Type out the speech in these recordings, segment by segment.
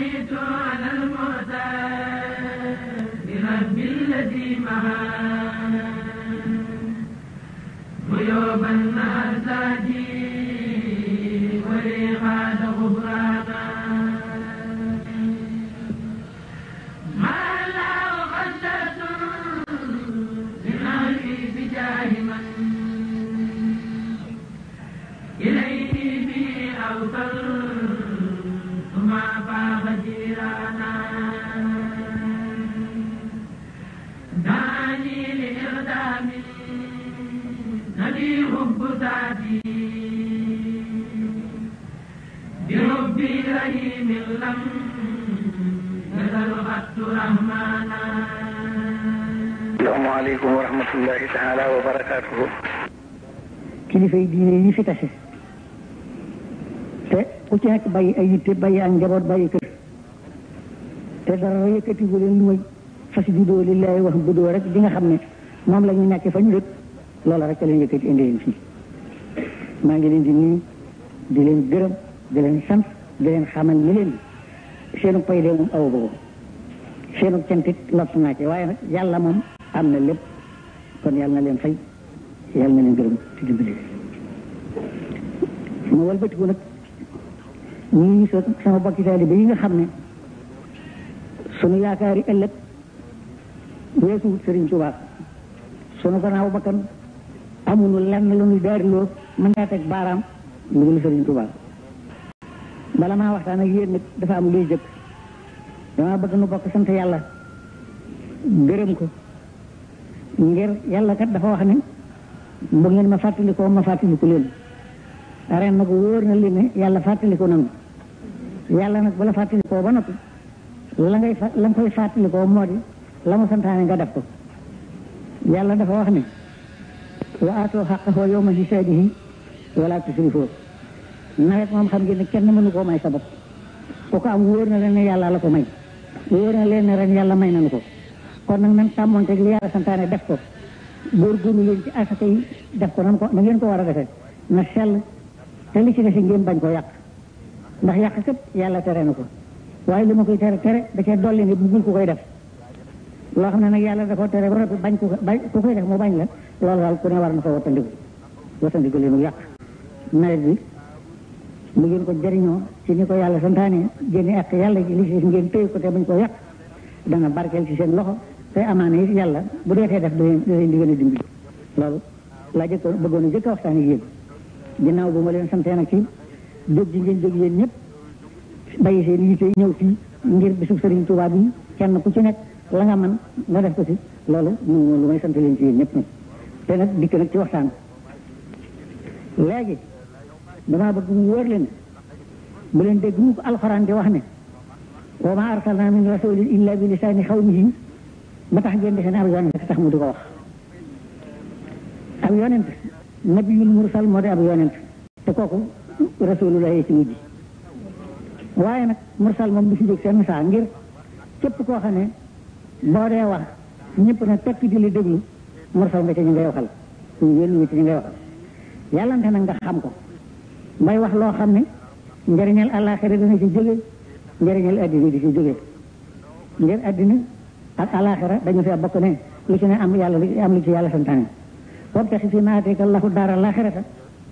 يميتون المعتاد برب الذي مهان غيوب الناس برحيم لم يزل قد رحمانا السلام kilifay diine yi fi tase te ku ci nekk bàyyi ay yitte bàyyi ak njaboot bàyyi kër te dara yëkkati gu leen lu fas judoo lillahi wax budoo rek di nga xam ne moom la ñu nekk fa ñu lépp loola rek leen fii maa ngi leen di nuyu di leen gërëm di leen sant di leen xamal ni leen seenu pay de moom aw boobu seenu cantit lott naa ci waaye nag yàlla moom am na lépp kon yàlla na leen fay yàlla na leen gërëm ci dimbali ma walbatiku so sama bokki taalibe yi nga xam ne sunu yaakaari ëllëg weesuwut Sëriñ Tuubaa sunu daariloo mën naa teg baaraam lu dul Sëriñ Tuubaa bala maa waxtaan ak yéen nag dafa am luy jëkk dama bëgg nu bokk sant yàlla gërëm ko ngir yàlla kat dafa wax ni bu ngeen ma fàttalikoo ma fàttaliku leen ren nag wóor na li ne yàlla fàttaliku nanu yàlla nag bala fàttalikoo ba noppi la ngay la nga koy fàttalikoo moo di la mu santaane nga def ko yàlla dafa wax ni wa aatoo xaqahoo yawma hisaadihi wala tusrifoo nawet moom xam ngeen ne kenn mënu koo may sa bopp ku ko am wóor na leen ne yàlla la ko may wóor na leen ne ren yàlla may nañu ko kon nag nan sàmmonte li yàlla santaane def ko góorgóorlu leen ci asaka yi def ko nan ko na ngeen ko war a defee na sell te li ci dese ngeen bañ ko yàq ndax yàq kat yàlla tere na ko waaye lu ma koy tere tere da cee dolli ne buggul ku koy def loo xam ne nag yàlla da ko tere ba bañ ku bañ ku koy def mu bañ la loolu daal ku ne war na ko wattandiku wattandiku leen mu yàq nawet bi mu ngeen ko jariñoo ci ni ko yàlla santaane génne ak yàlla ci li ci ngeen téye ko te bañ ko yàq dana barkeel ci seen loxo te amaana it yàlla bu deetee def da leen di gën a dimbali loolu laa jëkkoon bëggoon a jëkk a waxtaan ak yéen ginnaaw bu ma leen santee nag ci jóg ji ngeen jóg yéen ñëpp bàyyi seen yite ñëw fii ngir bisub sëriñ Tuubaa bi kenn ku ci nekk la nga man nga def ko loolu mu lu may sant leen ci yéen ñëpp nag te nag dikk nag ci waxtaan léegi damaa bëgg mu wóor leen bu leen dégg mu ko alxuraan di wax ne wa ma arsalna min rasulin illa bi lisaani xawmihi ba tax ngeen defe ne ab yonent tax mu di ko wax ab yonent nabiyul mursal moo di ab yonent nag mursal moom du si jóg seen saa ngir képp koo xam ne boo dee wax ñëpp na tekk di la déglu mursal nga ca ñu ngay waxal ñu wélu ci ñu ngay waxal yàllante nag nga xam ko may wax loo xam ne njëriñal àllaaxira dina ci jóge njëriñal àddina di ci jóge ngir àddina ak àllaaxira dañu fee bokk ne lu ci ne am yàlla lu am lu ci yàlla santaane wabtaxi fi maateeka allahu daara àllaaxirata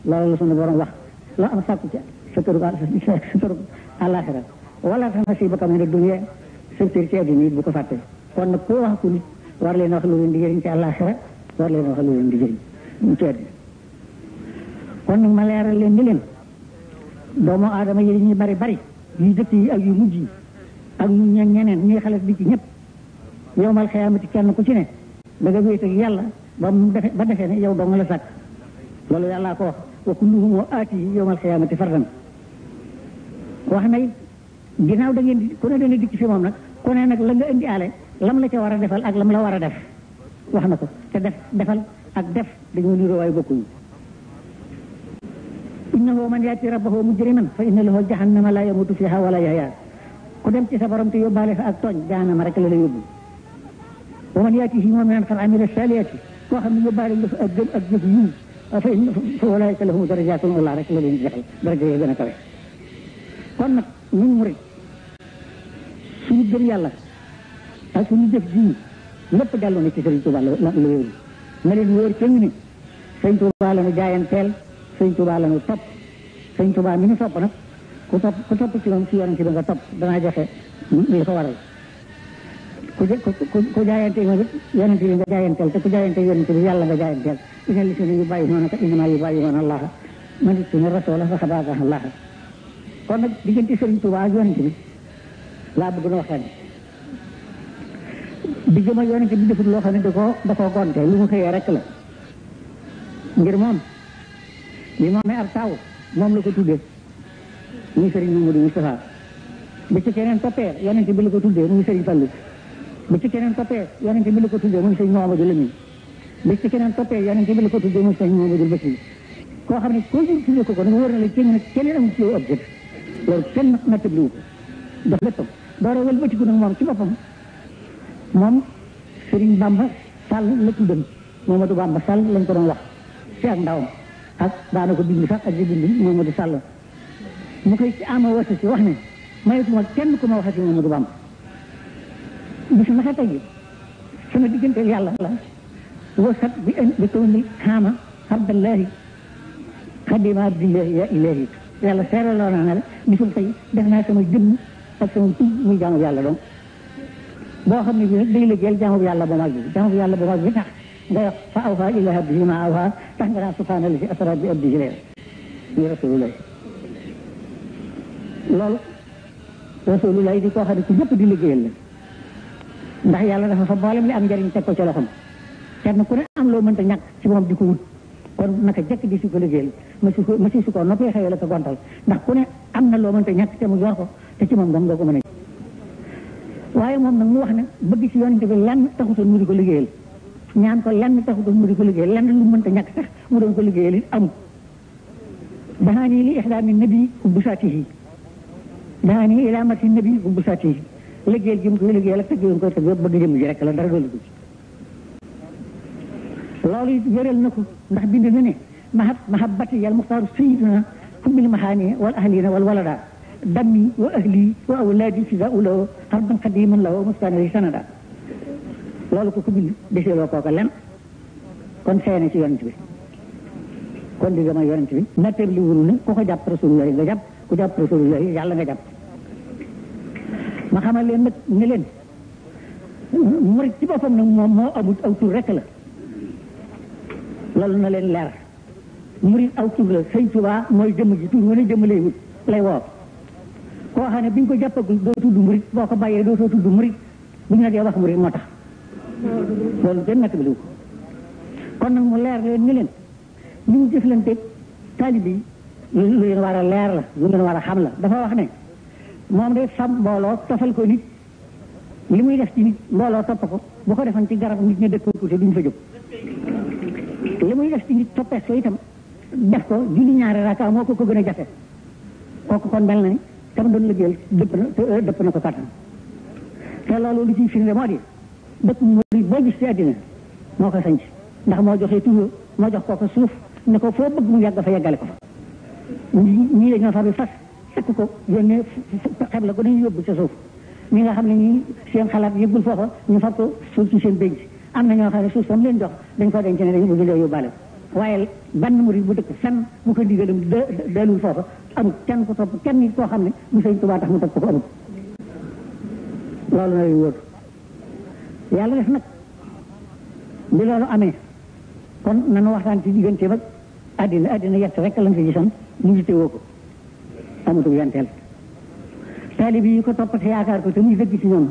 loolu la sunu borom wax loo am sàkku ci sa tërug sa tërug àllaaxira wala sa nasiibaka mina dunya sa ci bu ko kon wax nit war leen wax lu leen di ci àllaaxira war leen wax lu leen di ci àddina kon ma leen ni leen doomu aadama yi dañuy bari bari yu dëkk yi ak yu mujj yi ak ñun ñeen ñeneen ñuy xalaf bi ci ñëpp yowmal xiyaamati kenn ku ci ne da nga wéet ak yàlla ba mu defe ba defee ne yow doo nga la sàkk loolu yàllaa ko wax wa kulluhum wa aati yowmal xiyaamati fardan wax nay ginnaaw da ngeen di ku ne da fi moom nag ku nag la nga indi aale lam la ca war a defal ak lam la war a def wax na ko te def defal ak def dañoo niroo waaye bokkuñu innahu man yaati rabbahu mujriman fa inna lahu jahannama la yamutu fiha wala yahya ku dem ci sa borom te yóbbaale fa ak tooñ jahannama rek la la yóbbu wa man yaatihi mu'minan qad amila saalihaati koo xam ne yóbbaale lu fa ak gëm ak jëf yiw fa inna fa ulaa'ika lahum darajaatun Allah rek la leen joxal daraja yi gën a kawe kon nag ñun murid suñu gëm yàlla ak suñu jëf ji lépp dellu na ci Sëriñ Tuubaa la la wéeru na leen wóor ca ñu ni Sëriñ Tuubaa la nu jaayanteel sëñ Tuubaa la ñu topp sëñ Tuubaa mi ñu topp nag ku topp ku topp ci moom ci yonent bi nga topp danaa joxe li ko waral ku ku jaayante moom it yonent bi nga jaayanteel te ku jaayante yonent bi yàlla nga jaayanteel ina li sunu yu bàyyi noonu ka inama yu bàyyi noonu allah man it sunu rasoola fa xabaaka allah kon nag diggante sëriñ Tuubaa ak yonent bi laa bëgg na waxtaan di jëma yonent bi defut loo xam ne da koo da koo gonte lu mu xëyee rek la ngir moom bi mu amee ab taw moom la ko tuddee muy Serigne Mamadou Moustapha bu ci keneen toppee yonente bi la ko tuddee muy Serigne Fallou bu ci keneen toppee yonente bi la ko tuddee muy Serigne Mouhamadou Lamine bu ci keneen toppee yonente bi la ko tuddee muy Serigne Mouhamadou Bassirou koo xam ne koo jur tuddee ko ko nag wóor na la kenn keneen amul ci yow objet loolu kenn nattabli dox léppam doora wëlbatiku nag moom ci boppam moom Serigne Bamba Sall la tuddam Mamadou Bamba Sall lañ ko doon wax ci ak ndawam ak daana ko bind sax ak di bind Mamadou Sall mu ci ama wasi si wax ne mayetuma kenn ku ma waxati Mamadou Bamba bis naka tey sama diggante yàlla la wasat bi bi kaw ni xaama abdallahi xadima abdillahi ya ilahi yàlla seeraloo na ne bisul tey def naa sama jëmm ak sama tub muy jaamu yàlla donc boo xam ne bi nag day liggéeyal jaamu yàlla ba mag bi jaamu yàlla ba mag bi tax فأوفى إلى هبه ما أوفى تهجر سبحان الذي أسرى بأبده ليلا muy rasulullah loolu rasulullah di koo xam ne ci ñëpp di liggéeyal la ndax yàlla dafa fa mboolem li am njëriñ teg ko ci loxoom kenn ku ne am loo mënta ñàkk ci moom di ko wut kon naka jëkk di su ko liggéeyal ma si si su ko noppee la ko gontal ndax ku ne am na loo mënta ñàkk te mu yor ko te ci moom dong nga ko mën a waaye moom nag mu wax ne bëgg ci yoon bi lan taxutoon mu di ko liggéeyal ñaan ko lenn tax taxutoon mu di ko liggéey lenn lu mënta ñàkk sax mu doon ko liggéey li amul daani li ixdaami nabi ubbu saatihi daani ila mati nabi ubbu saatihi liggéey gi mu ko liggéey ak tëggeewoon koy tëgg yëpp bëgg jëm ji rek la dara doolu ko ci loolu it wéral na ko ndax bind na ne mahab mahabati yal muxtar sayiduna kumil mahani wal ahlina wal walada dami wa ahli wa awladi fi lahu xarban qadiman law mustanari sanada loolu ko ku julli deseeloo kooka lan kon fee na ci yonent bi kon di dama yonent bi nattab li wuru ne ku ko jàpp rasulullah nga jàpp ku jàpp rasulullah yàlla nga jàpp ma xamal leen nag ne leen murit ci boppam nag moom moo amut aw tur rek la loolu na leen leer murit aw tur la sëñ Tuubaa mooy jëmm ji tur wane jëmm lay wut lay woo koo xam ne bi ñu ko jàppagul doo tudd murit boo ko bàyyee doo soo tudd murit bu ñu la dee wax murit moo tax loolu benn naka bi liw ko kon nag mu leer leen ni leen li mu lu leen war a leer la lu leen war a xam la dafa wax ne moom de sam mbooloo tofal ko nit muy def ci nit mbooloo topp ko boo ko defan ci garab nit ña dëkkoon tuuti duñ fa jóg li muy def ci nit toppees ko itam def ko julli ñaari raaka moo ko ko gën a jafe ko kon mel na ni tam doon liggéeyal dëpp na dëpp na ko kattan te loolu lu ciy firnde moo di dëkk murid boo gis ci moo ko sanc ndax moo joxee tuyo moo jox kooku suuf ne ko foo bëgg mu yàgg fa yàggale ko fa ñii dañoo faru fas sakk ko yónnee xeb la ko dañu yóbbu sa suuf ñi nga xam ne ñii seen xalaat yëggul foofa ñu far ko suuf seen bénc am na ñoo xam ne suuf sam leen jox dañ ko denc ne dañu bëgg loo yóbbaale ko waaye ban murid bu dëkk fenn bu ko digalam dalul foofa amul kenn ko topp kenn nit koo xam ne bu sëñ Tuubaa tax mu topp ko amul loolu na wóor yàlla def nag bi loolu amee kon nanu waxtaan ci diggante ba àddina àddina yett rek lañ fi gisoon mu jite woo ko amatul yanteel taalib yi ko toppate yaakaar ko te muy ci ñoom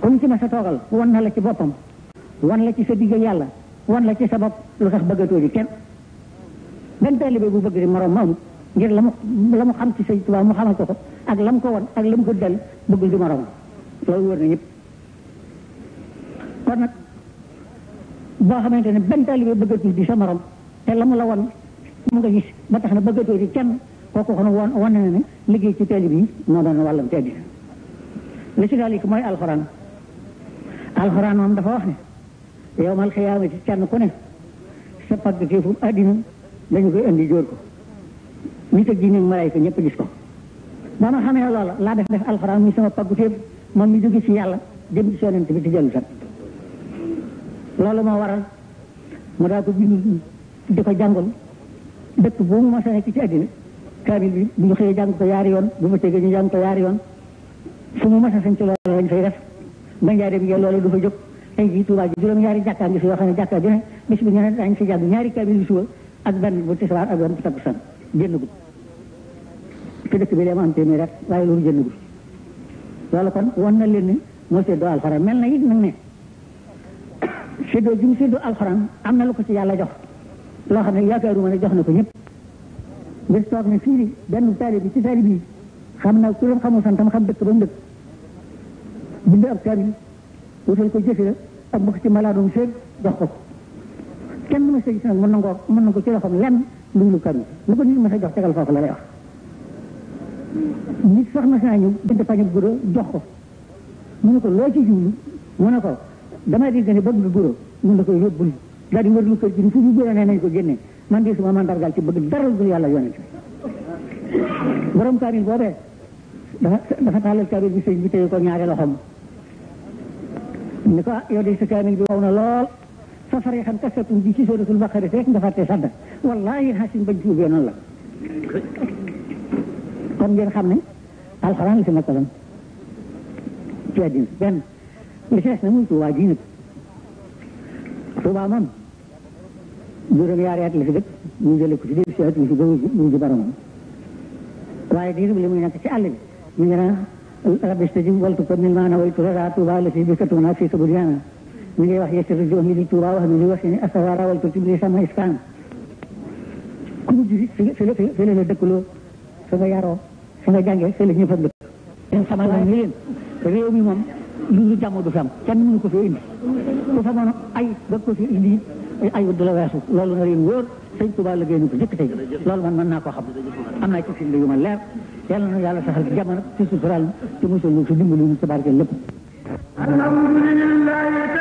comme ci ma sa toogal wan na la ci boppam wan la ci sa yàlla wan la ci sa bopp lu tax bëggatoo ji kenn benn taalibe bu bëgg di moroom ma amut ngir la mu la mu xam ci Sëñ Tuubaa mu xamal ko ko ak la mu ko wan ak la mu ko dal bëggul di moroom loolu wër na ñëpp dara nag boo xamante ne benn taalibe bëggatul di sa morom te la mu la won mu nga gis ba tax na bëggatoo di kenn kooku xam woon wane na ne liggéey ci taalibe yi moo doon wàllam te addina li ci daalik mooy alxuraan alxuraan moom dafa wax ne yow mal xiyaamati kenn ko ne sa pàgg addina dañu koy indi jóor ko nit ak jinne malaayka ñëpp gis ko ba xamee loola laa def def alxuraan muy sama pàggu teef moom mi ci yàlla jëm ci sonent bi ci jëlu sat loolu moo waral mu daa ko bind di ko jàngal dëkk boo mu mos a nekk ci àddina kaamil bi bu ñu xëyee jàng ko yaar yoon bu ma tëggee ñu jàng ko yaari yoon fu mu mos a sañ ci loolu lañ fay def ba njaaree bi ngeen loolu du fa jóg tey jii Tuubaa ñaari jàkkaa ngi fi yoo xam ne jàkkaa bi ne bis bu ñeneen daañu fi jàng ñaari kaamil bi suba ak benn bu tisbaar ak benn bu takkusaan dëkk bi lee ma am téeméer rek waaye loolu génnagul loolu kon wan na leen ni moo see doal fara mel na it nag ne séddoo jum séddoo alxuraan am na lu ko ci yàlla jox loo xam ne yaakaaruma ne jox na ko ñëpp bis toog ne fii benn taali bi ci taali bi xam na ku leen xamul santam xam dëkk ba mu dëkk bind ab taali wutal ko jëfe ak mbokk ci malaadum seet jox ko kenn ma sëgis nag mën na ko mën na ko ci loxoom lenn lu lu kami lu ko nit ma sa jox tegal foofu la lay wax nit sax ma saa ñëw jënd pañu guro jox ko mu ne ko loo ci jiwlu mu ne ko dama di ne bëgg guru, guro ñun la koy yóbbul daa di wër lu kër ci fu ñu guro nee nañ ko génne man di suma mandargal ci bëgg dara du yàlla yonent borom kaamil boobee dafa dafa tàllal kaamil bi sëñ bi téye ko ñaari loxom ni ko yow de sa kaamil bi waw na lool xam kasatum bi ci suratul baqara rek nga fàtte sadda wallahi hasin bañ tuubee noonu la kon ngeen xam ne alxuraan la ci àddina benn bisees na muy Tuubaa ji nag Tuubaa moom juróom-ñaari at la fi dëkk ñu jëlee ko ci dégg si mu ji boromam waaye diirum li muy nekk ci àll bi mu ngi naan rabbi stajib waltu ko mil maana waytu rara Tuubaa la si bikkatuna fii subudiana mi ngi wax yesir jo mi di Tuubaa wax mi di wax ni asawara waltu tibli sama iskaan ku mu ji fi la fi la dëkkuloo fi nga yaroo fi nga jàngee fi la ñëpp a dëkk sama la ni leen réew mi lu ñu jàmm du fi am kenn mënu ko fi indi bu famoon ay ba ko fi indi la weesu loolu na leen wóor sëñ Tuba liggéey ñu ko jëkk tey loolu man mën naa ko xam am naa ci firnde yu ma leer yàlla na yàlla saxal ci jamono ci sutural na ci mosul ñu ci dimbali ñu ci barkeel lépp alhamdulillahi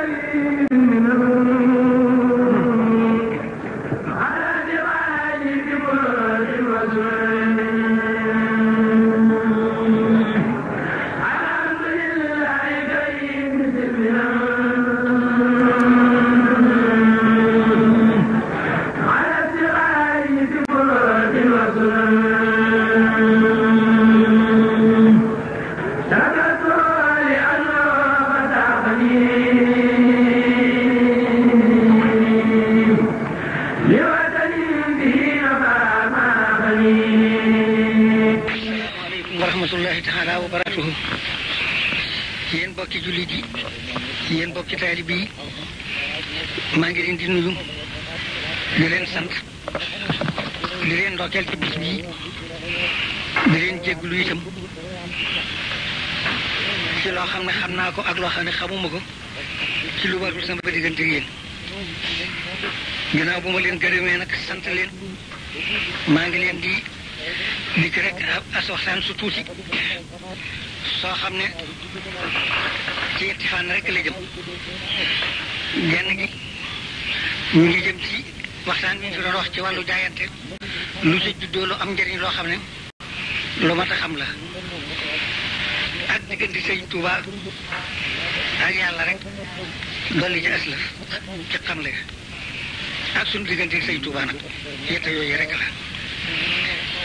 ci jullit yi yéen mbokki taalib yi maa ngi leen di nuyu di leen sant di leen ndokkeel ci bis bii di leen jégglu itam ci loo xam ne xam naa ko ak loo xam ne xamuma ko ci lu warul sama diggante yéen ginnaaw bu ma leen gërëmee nag sant leen maa ngi leen di di rek as waxtaan su tuuti soo xam ne ci ñetti fànn rek la jëm genn gi ñu ngi jëm ci waxtaan bi ñu doon wax ci wàllu jaayante lu ci juddoo lu am njëriñ loo xam ne lu ma a xam la ak diggante sëñ Tuuba ak yàlla rek dolli ci aslaf ci xam le ak suñu diggante sëñ Tuuba nag yetta yooyu rek la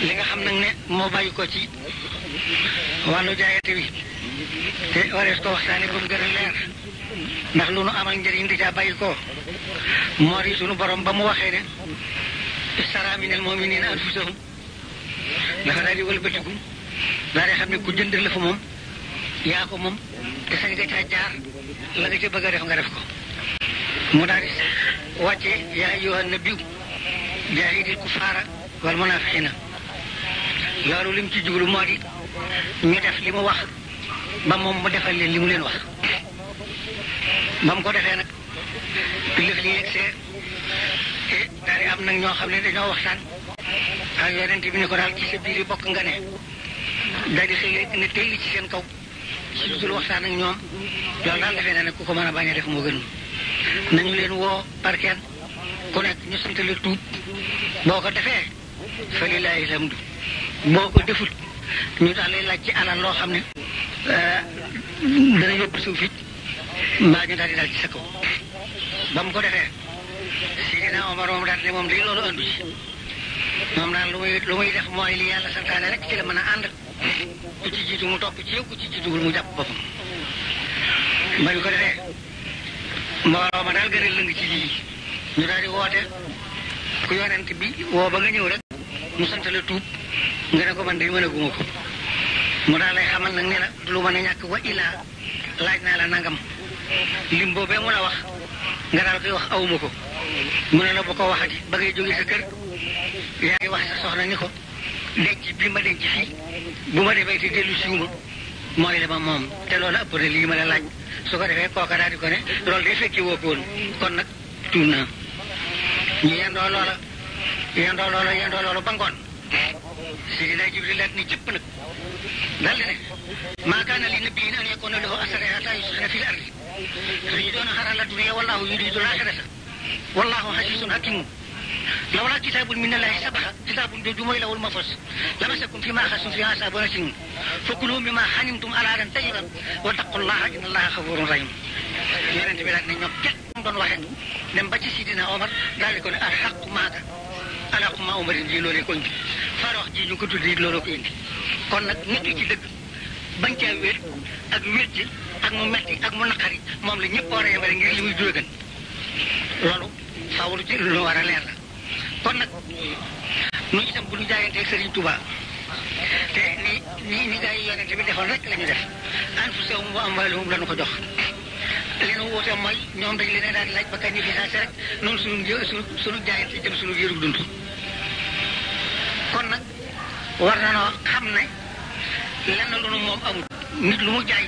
li nga xam nag ne moo bàyyi ko ci wàllu jaayante bi te warees ko waxtaane ba mu gën a leer ndax lu nu amal njëriñ di caa bàyyi ko moo di sunu borom ba mu waxee ne istara minal mu'minina anfusahum dafa daal di xam ne ku jënd la fa moom yaa ko moom te sañ nga caa jaar la nga ca bëgg a ko mu daal di loolu li mu ci jublu moo di ñu def li mu wax ba moom mu defal leen li mu leen wax ba mu ko defee nag lëf li eh, am nag ñoo xam ne dañoo waxtaan ak yonent bi ne ko daal ci bokk nga ne daal di xëy ne tey ci seen kaw su dul waxtaan ak ñoom loolu daal defee na ne ku ko mën a bañ a def moo gën nañu leen woo parkeen ku nekk ñu sant tuub boo ko defee fa lillaahi alhamdu boo ko deful ñu daal laaj ci alal loo xam ne euh, dana yóbbu suuf it mbaa ñu daal di ci sa kaw ba mu ko defee Sidina Omar moom daal ne moom lii loolu andu ci moom daal lu muy def mooy li yàlla santaane rek ci la mën a ànd ku ci jiitu mu topp ci yow ku ci jiituwul mu jàpp boppam ba ñu ko defee mbooloo ma daal gën lëng ci lii ñu daal woote ku yonent bi woo ba nga ñëw rek mu sant tuub nga ne ko man de mën a guma ko mu daal lay xamal nag ne la lu mën a ñàkk wa illaa laaj naa la nangam lim boobee mu la wax nga daal koy wax awuma ko mu ne la bu ko waxati ba ngay jóge sa kër yaa wax sa soxna ni ko denc bi ma denc ma demee te dellu siwuma mooy la moom te loolu ëpp na lii ma la laaj su ko defee kooka daal di ko ne loolu day fekki woo ko kon nag tuum naa ñu yendoo loola yendoo loola yendoo loola ba ngoon سيدنا جبريل لاتني جبنا دلنا ما كان للنبي أن يكون له أثر حتى يسخن في الأرض تريدون خير الدنيا والله يريد الآخرة والله حسيس حكيم لولا كتاب من الله سبق كتاب بالجميل والمفص لمسكم فيما أخذتم فيها أصحاب نسين فكلوا مما حنمتم أرادا طيبا واتقوا الله إن الله غفور رحيم يرنت بلاد نيوك doon waxee dem ba ci sidina Omar daal di ko ne al xaqu maaka ala xuma Omar ji loolee ko indi farox ji ñu ko tuddi looloo ko indi kon nag nit ci dëgg bañ caa wér ak wér ji ak mu metti ak mu naqari moom la ñëpp war a yemale ngir li muy jógan war a leer kon nag nu itam bu ñu jaayantee Serigne Touba te ni ni ni gaa yi bi defoon rek la ñu def anfusahum wa amwaalahum la ñu ko jox li nu woote mooy ñoom dañ leen a daal laaj ba kañ ñu fi saa si rek noonu suñu suñu jaayante jëm suñu yërug dund war na noo xam ne moom amul nit lu mu jaay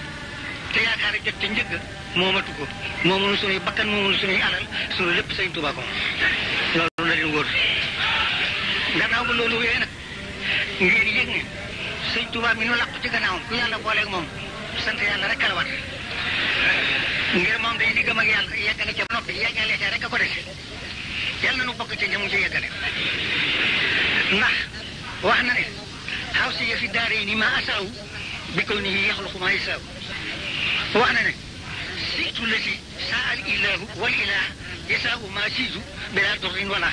te yaakaar jot njëg njëgg moomatu ko moomunu sunuy bakkan moomunu sunuy alal sunu lépp sëñ Tuubaa ko loolu na leen wóor gannaaw ba loolu wéyee nag ngeen yëg ne sëñ Tuubaa mi nu làqu ci gannaawam ku yàlla booleeg moom sant yàlla rek a ko des yàlla wax na ne حوسية في الدارين ما أسعوا بكونه يخلق ما يسعه وأنا سئت الذي ساء الإله والإله يسعه ما سيزه بلا ضر ولا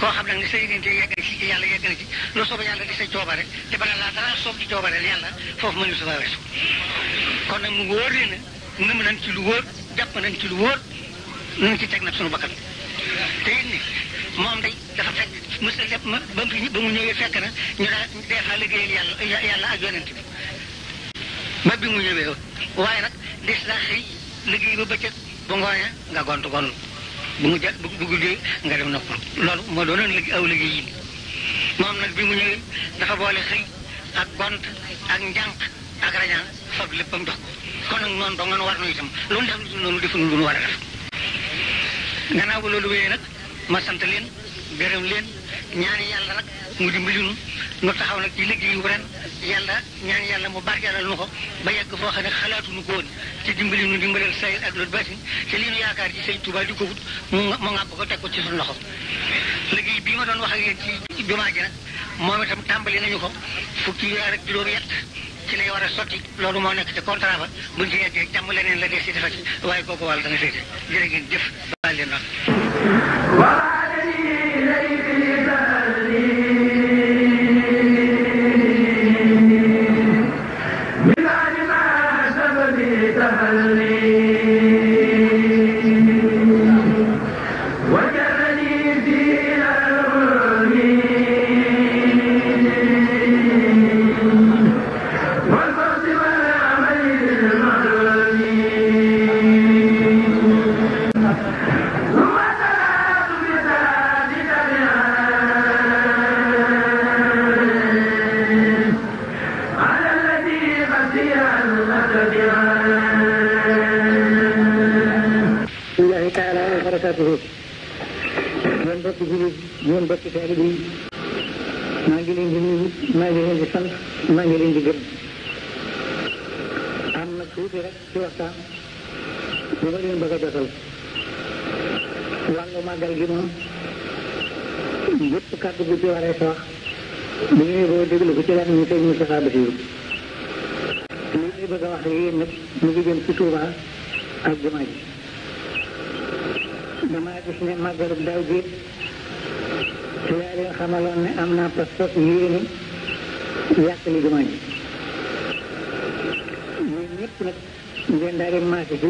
كو خبلان سيدي انت يا كان سيدي يالا يا كان سيدي لو صوب يالا دي سي توبار تي بلا لا دار صوب دي توبار يالا فوف ما نيسو داوس كون مو غورينا نم نان سي لو غور جاب نان سي لو غور نان سي تك نفسو بكال تي ني موم داي دا فك mësul def ba ba mu ñëwee fekk na ñu daa deefaa liggéeyal yàlla ya- yàlla ak yonent bi ba bi mu ñëwee waaye nag des naa liggéey ba bëccëg bu ngoonee nga gont gont bu mu jàpp bu guddee nga dem nopp loolu moo doonoon liggéey aw liggéey yi moom nag bi mu ñëwee dafa ak gont ak ak dox kon war lu def lu noonu defuñu war def ma sant leen gërëm leen ñaani yàlla nag mu dimbali nu nu taxaw nag ci liggéey yu ren yàlla ñaani yàlla mu barkeelal nu ko ba yegg foo xam ne xalaatuñu ko woon ci dimbali nu dimbalal sayil ak loolu baatin te li yaakaar ci sëñ Tuubaa di ko wut mu mu ko teg ko ci suñu loxo liggéey bii ma doon wax ak yéen ci jumaa ji nag moom itam tàmbali nañu ko fukki weer ak juróom yett ci lay war a sotti loolu moo nekk ci contrat ba buñ ci yeggee jàmm leneen la des ci waaye kooku wàll da féete jërë ngeen jëf baal leen mbokki taalibe yi maa ngi leen di nuyu maa ngi leen di sant maa ngi di gërëm am na tuuti rek ci waxtaan ma leen bëgg a jotal wàllu màggal gi moom bu ci waree sa wax bu ñu boo déglu ko ci lan ñu sëñ Moustapha Bassirou li ñuy bëgg a wax ak yéen nag mu ngi jëm ci Touba ak jumaa ji damaa gis ne màggalu daaw ji ci laa xamaloon ne am naa pas-pas yéene yàq li jumaa ji yéen ñëpp nag ngeen daal di maase ci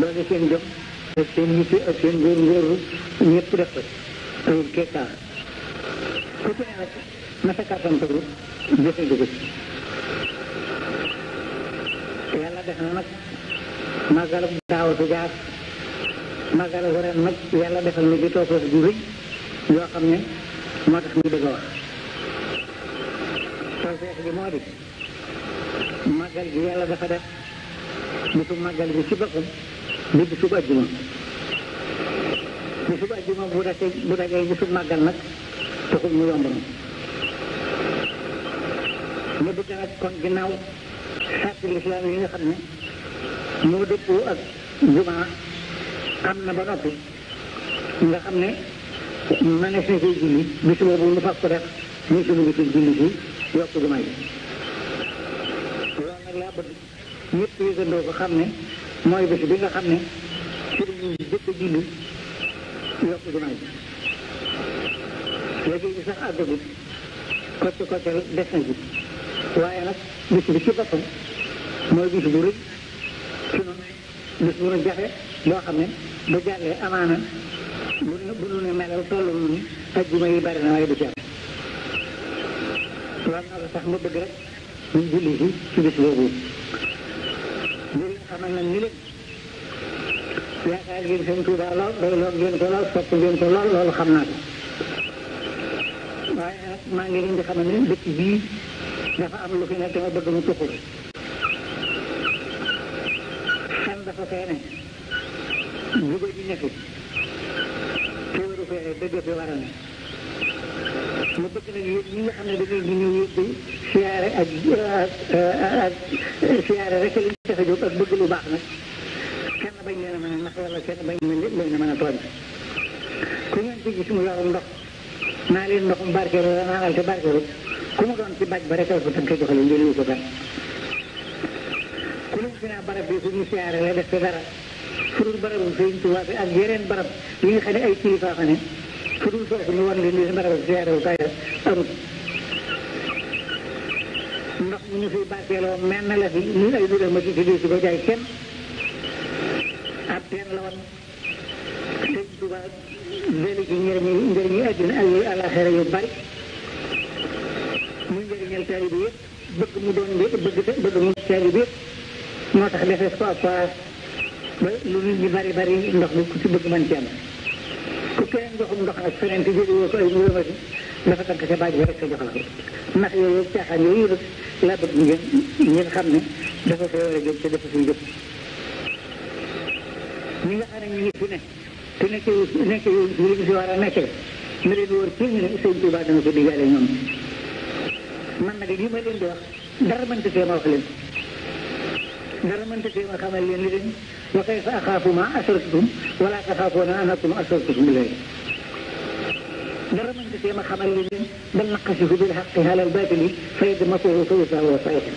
doole seen jom seen yitte ak seen góorgóorlu ñëpp def ko amul kekkaar ku ci ne ko ci yàlla def na nag màggalu daaw su jaar màggalu ren nag yàlla defal na ci toog ju rëy yoo xam ne tax muy bëgg a wax tawfeex gi moo di màggal gi yàlla dafa def bisu màggal gi ci boppam di bisub àjjuma bisub àjjuma bu dajee bu dajee bisub màggal yomb bëgg kon yi nga ak am ba nga ma ne suñ koy julli bis boobu ñu fas ko def ñu si mujj ci julli si yokk jumaa ji loolu nag laa xam ne mooy bés bi nga xam ne ci la ñuy jëkk a julli yokk jumaa ji léegi bi sax àggagut kocc koccal def na ji waaye nag bis bi ci boppam mooy bis bu rëy ci noonu bis xam ne bu jàllee amaana bu nu ne melal tollu ni ajjuma yi bari na waaye du ci am war sax nga bëgg rek ñu julli si ci bis boobu julli xamal loolu xam naa ko waaye nag maa ngi leen di xamal ne dëkk bii dafa am lu fi nekk dama bëgg mu tuxul xam dafa fee ne juba ji dëgg bi waral mu bëgg nag yéen ñi nga xam ne da ngeen di ñëw yëpp di siyaare ak ak siyaare rek li ñu tax a jóg ak bëgg lu baax nag kenn bañ leen a mën a nax wala kenn bañ leen a mën a tooñ ku ngeen ci gis mu yorum ndox naa leen ndoxum barkeelu la naa lal te barkeelu ku mu doon ci baj ba rek alfu tënk jox leen ngeen lii ko benn ku leen fi naa barab bi fu ñu siyaare la def ci dara furul barabu sëñ Tuubaa bi ak yeneen barab yi nga xam ne ay kilifa fa ne ku dul kooku ñu li li ma rafet ziaral kay amut ndox mu ñu fiy barkeeloo mel na la fi ñun ay biir a ci di si ko jaay kenn ab teen la woon sëñ Tuba bëri ci njëriñu njëriñu àddina ak yu àllaaxira yu bari muy njëriñal tari bi bëgg mu doon bi bëgg bëgg mu moo tax defee ko ab lu nit ñi bari bari ndox mi bëgg mën ci su keneen joxum ndox nag feneen te jëlee ko ay baaj bi rek sa jox la ko ndax yooyu caaxaan yooyu rek laa bëgg ngeen ngeen xam ne dafa fee war a jëm te dafa fiy jëm ñi nga xam ne ñu ngi fi ne te nekkee nekkee yoon si li si war a nekkee na leen wóor ci ne sëñ Tuubaa dana ko diggaale ñoom man nag li ma leen di wax dara mënta tee ma wax leen dara mënta tee ma xamal leen li leen وكيف أخاف ما أشركتم ولا تخافون أنكم أشركتم بالله درمان كتيما خمال بل نقشه بالحق على الباطل فيدمطه فيسعى وصيحا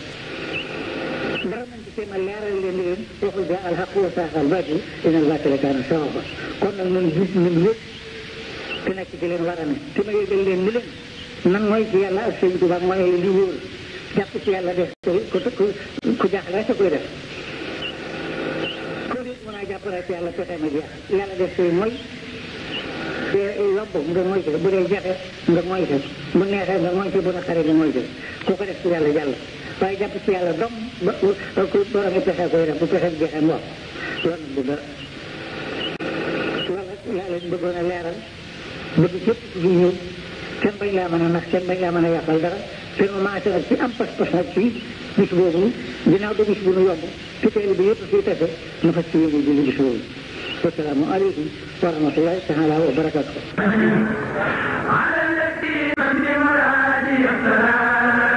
درمان كتيما اللار اللي وقل جاء الحق وساق الباطل إن الباطل كان شرفا كنا من جد من جد كنا كتلين ورمي كما يدلين ملين nan mooy ci yàlla ak sëñ Tuubaa mooy li wóor jàpp ci yàlla def ko ko ko rek yàlla pexe ma jeex yàlla def fi mooy yomb nga moytu bu dee jafe nga moytu bu neexee nga moytu bu naqaree nga moytu ku ko def ci yàlla jàll waaye jàpp ci yàlla dom ba ku borom pexe koy def bu pexe bi jeexee mboq loolu nag du dara loolu yàlla bëggoon a leeral bëgg képp ci ñëw kenn bañ laa mën a nax kenn bañ laa mën a yàqal dara te mu maase nag ci am pas-pas nag ci bis boobu ginnaaw da bis bu nu yomb فتعل البيوت في تفه نفسي بالجلد الشهود والسلام عليكم ورحمة الله تعالى وبركاته على التي من مرادي السلام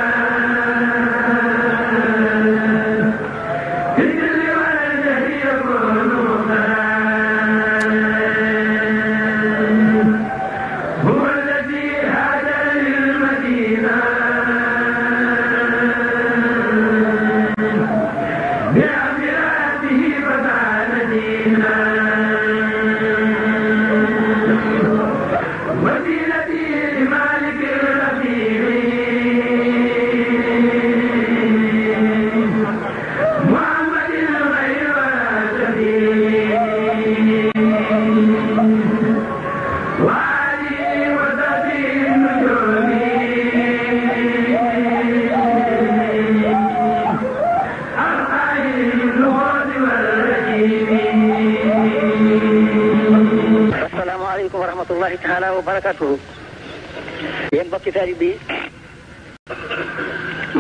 rahmatullahi taala wa barakatuhu yéen mbokki taalib bi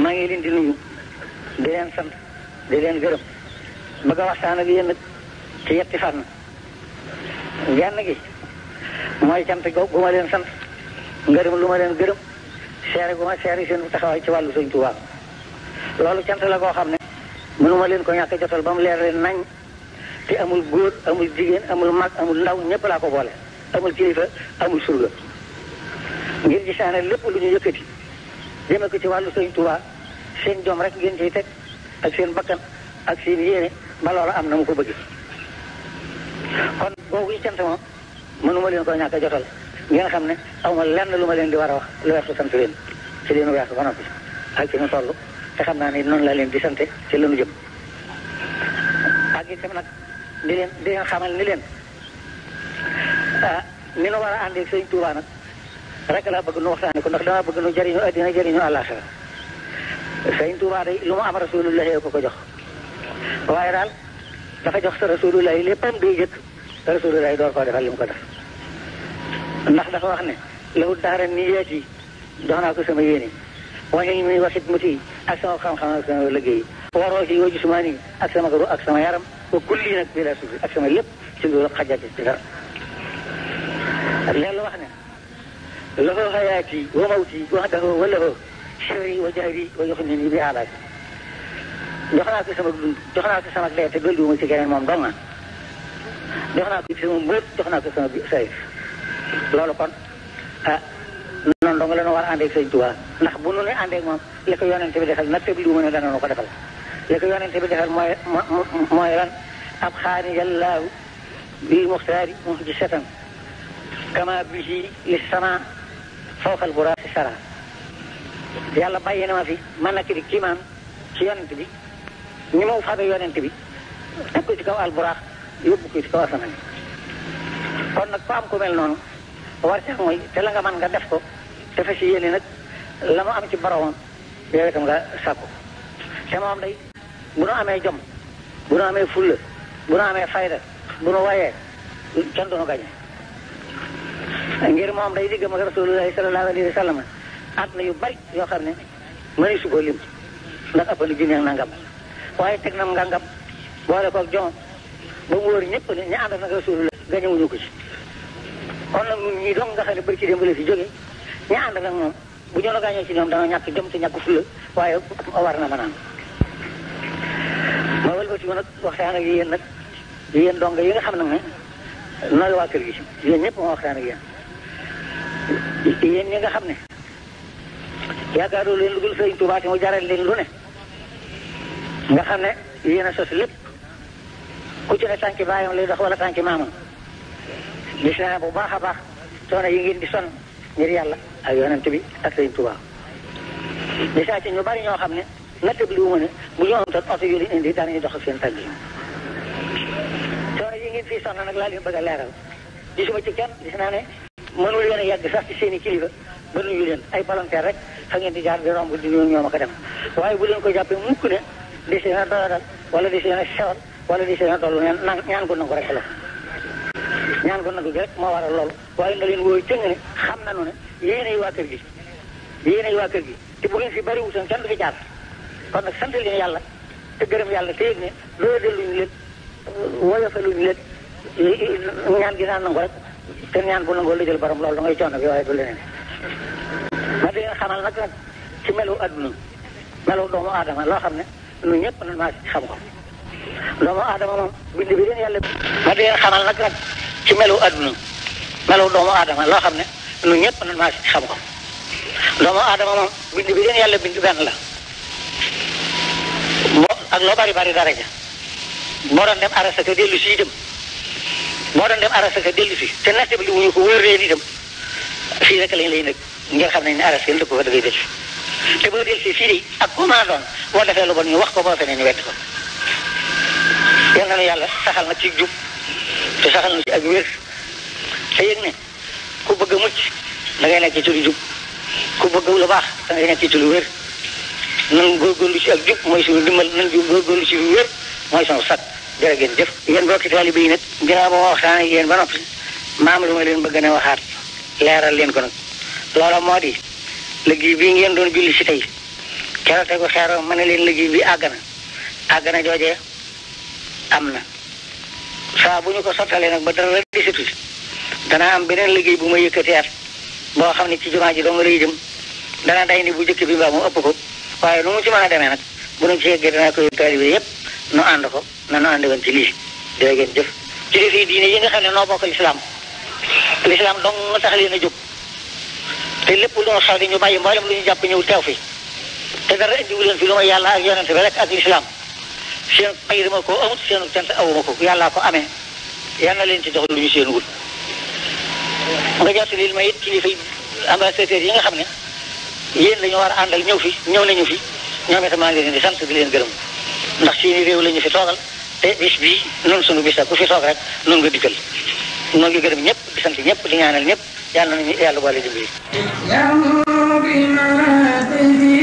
maa ngi leen di nuyu di leen sant di leen gërëm bëgg a waxtaan ak yéen nag ci yetti fànn genn gi mooy cant gu ma leen sant ngërëm lu ma leen gërëm seere gu ma seere seen taxawaay ci wàllu sëñ Tuubaa loolu cant la koo xam ne mënuma leen ko ñàkk jotal ba mu leer leen nañ te amul góor amul jigéen amul mag amul ndaw ñëpp laa ko boole amul kilifa amul surga ngir gisaane lépp lu ñu yëkkati jëme ko ci wàllu sëñ Tuubaa seen jom rek ngeen ci teg ak seen bakkan ak seen yéene ba loola am na mu ko bëgg kon boobu yi cant moom mënuma leen ko ñàkk a jotal ngeen xam ne awma lenn lu ma leen di war a wax lu wertu sant leen ci leen weesu ba noppi ak ci nu toll te xam naa ni noonu la leen di sant ci lanu jëm ak itam nag di leen di leen xamal ni leen ah ni nu war a àndee sëñ Tuubaa nag rek laa bëgg nu waxtaane ko ndax dama bëgg nu jëriñu addina jëriñu àllaaxira sëñ Tuubaa day lu mu am rasulullahi ko ko jox waaye daal dafa jox sa rasulullahi léppam day jëkk sa door koo defal ko def ndax dafa wax ni lawut daara ni yeet yi jox naa ko sama yéene wañuñ muy waxit mu tii ak sama xam-xam ak sama liggéey waroo ci waju sumaa nii ak sama garu ak sama yaram wa kulli nag bi la suuf ak ci loolu xajate ci dara الله وحده له حياتي وموتي وحده وله شري وجهري ويخنني بأعلى jox naa ko sama dund jox naa ko sama lee te gëldu ma ci keneen moom dong jox naa ko sama mbóot jox naa ko sama sayf loolu kon ah noonu dong la nu war a àndeeg sëñ Tuubaa ndax bu nu ne àndeeg moom li ko yonente bi defal nag tëb lu ma ne dana nu ko defal li ko yonente bi defal mooy mooy lan ab xaani yàllaahu bil muxtaari mu ci setan kama bihi li sama fawqal buraasi sara yàlla bàyyi na ma fi man na ki di kiimaan ci yonent bi ñi ma fabe yonent bi teg ko ci kaw alburaax yóbbu ko ci kaw asamaan kon nag ko am ku mel noonu war sax mooy te la nga man nga def ko te fas yéene nag la mu am ci boromam yow itam nga sàkku te moom day bu nu amee jom bu nu amee fulla bu nu amee fayda bu nu wayee kenn du gañe ngir moom day diggam ak rasulullahi sallallahu alayhi wa sallam at na yu bari yoo xam ne su ko lim ndax ëpp na junni ak nangam waaye teg nam ngàngam boole koog jom ba mu wóor ñëpp ne ña ànd nag rasulullah ko ci kon nag ñun dong nga xam ne ci démb la fi jóge ña ànd nag bu ñoo la ci war na ma waxtaan ak dong yi nga xam nag ne nooy kër gi waxtaan ak yéen ñi nga xam ne yaakaaroo leen lu dul sëriñ Tuubaa te mu jaral leen lu ne nga xam ne yéen a sos lépp ku ci ne tànki baayam lay dox wala tànki maamam gis naa bu baax a baax soxna yi ngeen di sonn ngir yàlla ak yonent bi ak sëriñ Tuubaa gis naa ci ñu bari ñoo xam ne nattabliwuma ne bu ñu amutoon oto yu leen indi daanañu dox ak seen tànk soone soxna yi ngeen fii sonn nag laa leen bëgg a leeral gisuma ci kenn gis naa ne mënul leen a yàgg sax ci seen i kilifa mënuñu leen ay volontaire rek fa ngeen di jaar di romb di ñoom ak a dem waaye bu leen ko jàppee mukk ne di si na doyadal wala di si na sewal wala di si na dollu ñaan ko nangu rek la ko nangu rek moo waral loolu waaye nga leen wooyu xam nanu ne yéen ay gi yéen ay waa gi te bu ngeen bari wutoon kenn du fi jaar kon nag sant yàlla te gërëm yàlla te yëg ne doyadal luñu leen ñaan gi naan nangu rek te ñaan bu nangoo lu jël borom loolu ngay coono bi waaye du leneen ma di leen xamal nag nag ci melu adduna melu doomu aadama loo xam ne nu ñëpp na maa xam doomu aadama moom xam ne nu ñëpp xam ko doomu aadama moom bind bi leen yàlla bind benn la moo ak loo bari bari daraja moo doon dem arasa te dellu si itam moo doon dem arasaka dellu si te natt bi li wuñu ko wóor leen itam fii rek lañ lay nëg ngeen xam ne aras kenn dëkk ko fa da ngay dellu si te boo dellu si fii de ak commencé woon boo defee lu bon ñu wax ko boo ñu wedd ko yal na yàlla saxal na ci jub te saxal ci ak wér te yëg ne ku bëgg a mucc da ngay nekk ci lu jub ku baax da ngay nekk ci lu wér nan góorgóorlu ci ak jub mooy suñu dimbal nan góorgóorlu ci lu wér mooy jërë ngeen jëf yéen mbokki taalibe yi nag ginnaaw ba ma waxtaan ak yéen ba noppi maam lu ma leen bëgg na waxaat leeral leen ko nag loola moo di liggéey bi ngeen doon julli si tey keroog tegu xeeroo ma ne leen liggéey bi àgg na àgg na joojee am na saa bu ñu ko sottalee nag ba dara desitu si danaa am beneen liggéey bu ma yëkkateyaat boo xam ne ci jumaa ji dong lay jëm dana day ni bu jëkk bi mbaa mu ëpp ko waaye nu mu ci mën a demee nag bu nu ci yeggee danaa nu ànd ko na nu ànd woon ci lii dégg ngeen jëf ci def yi diine yi nga xam ne noo bokk lislaam lislaam dong nga tax leen a jóg te lépp lu nga xew di ñu bàyyi mboolem lu ñu jàpp ñëw teew fi te dara indiwu leen fi lu may yàlla ak yonent bi rek ak lislaam seen pay dama ko amut seenu cant awuma ko yàlla ko amee yal leen ci jox lu ñu seen wut nga jàpp lii ma it kilifa yi ambassadeurs yi nga xam ne yéen lañu war a àndal ñëw fi ñëw nañu fi ñoom itam maa ngi di sant leen gërëm ndax seeni réew la ñu fi toogal te bis bi noonu sunu bisa ku fi toog rek noonu nga dikkal noo ngi gërëm ñëpp di sant ñëpp di ñaanal ñëpp yàlla nañu yàlla boole dimbali bi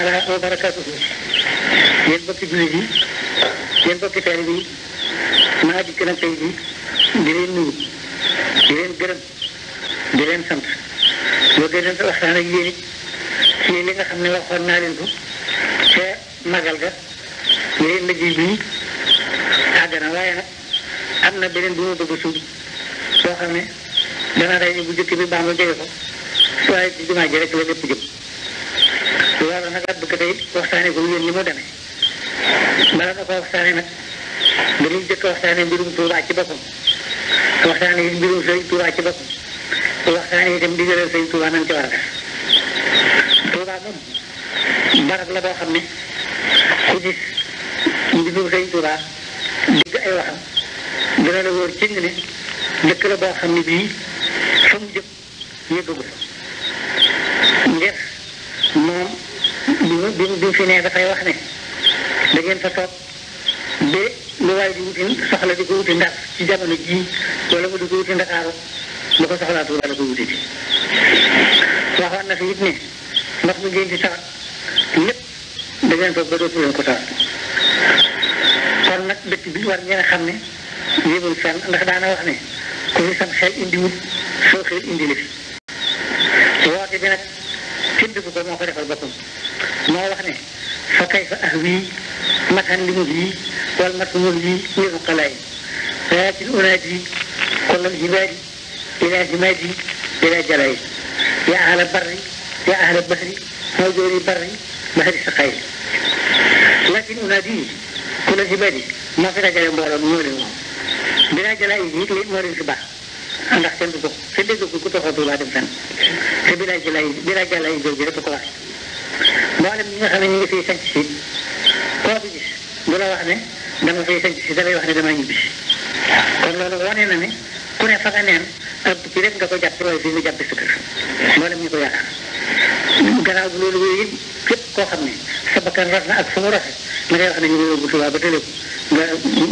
taala wa barakaatuhu yéen bokki jullit yi yéen bokki taali bi maa di gën a tey bi di leen nuyu di leen gërëm di leen sant loo gën a waxtaan ak naa leen ko ca magal ga yéen liggéey bi àgg na waaye nag am na beneen bu ma bëgg a suub boo xam ne dana rey bu jëkk bi baa ma jege ko waaye ci jumaa ji rek la lépp jëm loolu nag ak bëgg day waxtaane ko yéen ñi mu demee bala na ko waxtaane nag dañuy jëkk waxtaane mbirum Tuubaa ci boppam waxtaane yi mbirum sëñ ci boppam waxtaane itam digalal sëñ Tuubaa nan ci war a def Tuubaa moom barab la boo xam ne ku gis mbirum sëñ Tuubaa digg ay waxam dina la wóor cëng ne dëkk la boo xam ne bii fa mu jëm yëgagul ngir moom bi bi bi fi ne dafay wax ne da ngeen fa toog ba lu waay di wuti soxla di ko wuti ndax ci jamono ji wala mu di ko wuti ndakaaru lu ko soxlaa tuuba la ko wuti ji waxoon na fi it ne ndox mi ngeen di tawat lépp da ngeen ko bëgg leen ko tawat kon nag dëkk bi war ngeen a xam ne ndax daana wax ne ku fi sam xel indi wut soo xel indi la fi woote bi nag tind ko moo ko defal boppam moo wax ne fa kay fa ah wii matan li mu lii wala mat mu lii ñëru xalaay laakin unaadi kollal hibaadi ilaa himaadi ilaa jalaay yaa ahla barri yaa ahla bahri moo joori barri bahri saqay laakin unaadi kollal hibaadi moo fi dajale mbooloo ñoo leen moom dinaa jalaay yi it moo leen fi baax ndax kenn du ko te dégg ko ku toxoo Tuubaa dem fenn te dinaa jalaay dinaa jalaay jooju rek ko wax mboolem ñi nga xam ne ñu ngi fiy sanc si koo fi gis bu la wax ne dama fiy sanc si dalay wax ne dama ñibbi si kon loolu wane na ne ku ne fa nga neen ab ci rek nga ko jàpp waaye fii nga jàpp sa kër mboolem ñu ko yaakaar gannaaw bi loolu yooyu yëpp képp koo xam ne sa bakkan raf na ak su mu rafet na ngay wax ne ñu ngi yóbbu Tuubaa ba tële ko nga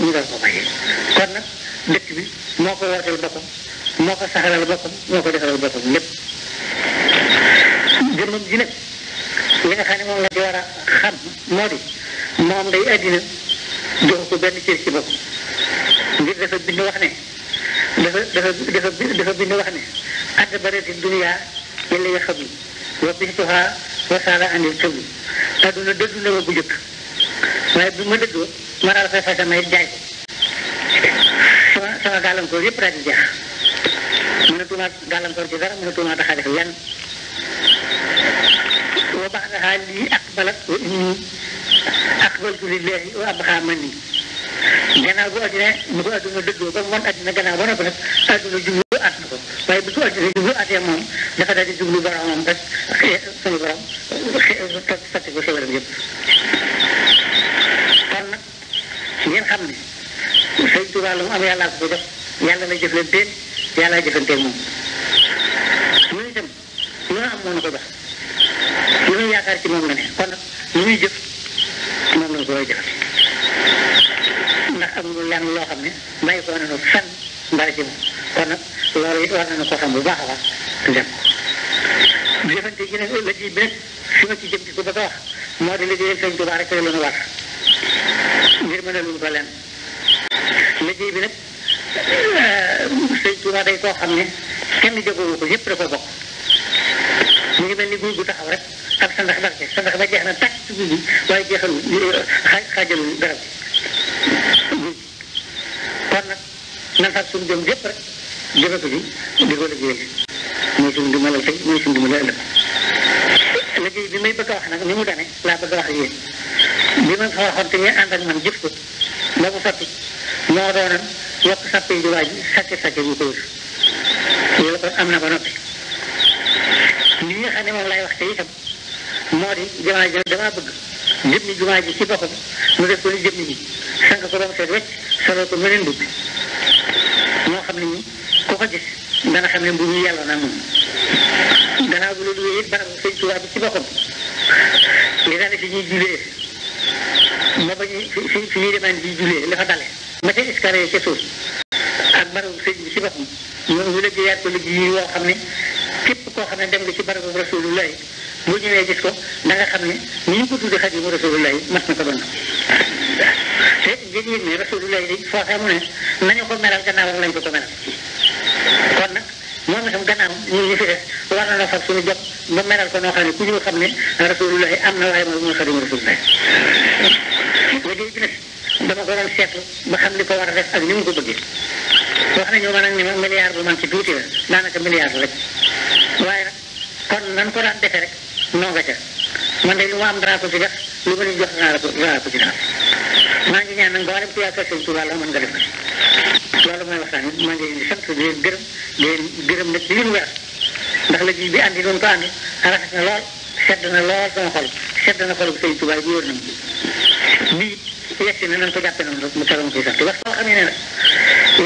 ñu dal ko bàyyi kon nag dëkk bi moo ko wooteel boppam moo ko saxalal boppam moo ko defalal boppam lépp jërmam ji nag li nga xam a xam moo di moom day àddina jox ko benn cër ci bopp ngir dafa bind wax ne dafa dafa dafa bind wax ne add barati duniyaa yàlla ya xablu wa ma bu jëkk waaye bi ma dëddoo ma daal fay fay jaay ko sama sama gàllankoor yëpp daal di jeex mënatumaa gàllankoor ci dara mënatumaa taxaare lenn وبعد هذه أقبلت وإني أقبلت لله وأبقى مني gannaaw bu àddina bu ko àdduna dëggoo ba man àddina gannaaw ba noppi nag àdduna jublu at na ko waaye bu ko àddina jublu atee moom dafa daal di jublu boromam rek sunu borom fàtte ko xewalam yëpp kon nag ngeen xam ne sëñ Tuubaa lu mu am yàllaa ko ko lu ñuy yaakaar ci moom la ne kon nag lu ñuy jëf moom la ko loo xam ne bàyyi ko fan mbaa ci moom kon nag loolu it war nañu ko xam bu baax a baax dem ji nag la ciy bés fi ma ci jëm ci ko ba ko wax moo di liggéeyal sëñ Tuubaa rek lu war mën a lu ko lenn liggéey bi nag euh, sëñ Tuubaa day koo xam ne kenn jógewu ko yëpp da ko bokk mu ngi mel ni guur gu taxaw rek ak sandax barke sandax ba jeex na tàkk ci guddi waaye jeexal xaajal dara kon nag nan fa suñu jëm rek ko di ko liggéeyal mooy suñu dimbalal tey mooy suñu dimbalal ëllëg liggéey bi may bëgg wax nag ni mu dane laa bëgg wax yéen bi ma fa waxoon te ñu ak man ko la mu di waaj sàkke sàkke yu ko wër loolu kon am na ba noppi nga wax te itam moo de jumaa ji bëgg jëmmi jumaa ji ci boppam mu def ko ni jëmmi ji sang ko ba mu set wecc solo ko meneen mbub moo xam ne ni ku ko gis dana xam ne mbubu yàlla na moom gannaaw bu loolu yëpp barabu sëñ Tuubaa bi ci boppam li daane fi ñuy ma fi fi ñuy demaan julee la fa dale ma ca escalier ca suuf ak barabu sëñ bi ci boppam ko liggéey woo xam ne képp koo xam ne dem nga ci barabu Rasulullahi boo ñëwee gis ko da xam ne ni ñu ko tuddee xadimu rasulullah yi mas na ko doon te ngeen yëg ne rasulullah yi fooxee mu ne nañu ko lañ ko ko nag moom itam gannaaw ñu ñu fi des war na fab suñu jot ko noo xam ne ku ñu xam ne rasulullah am na waaye mooy dama ko doon seetlu ba xam li ko war a def ak ni mu ko bëggee ma nag ne ma milliard bu man daanaka milliard rek waaye nag kon nan ko daan defee rek noo nga ca man de lu ma am dara ko ci def lu ma leen jox dara ko dara ko ci def maa ngi ñaan nag mboolem ku yaakaar sëñ Tuubaa la mën nga def loolu mooy waxtaan maa ngi leen di sant di leen gërëm di leen gërëm nag ci li weer ndax la ji bi andi doon ko andi rafet na lool sedd na lool sama xol sedd na xol bu sëñ Tuubaa bi wóor na mu bii yegsi na nañ ko jàppe noonu rek mu teroon koy sant wax soo xamee ne nag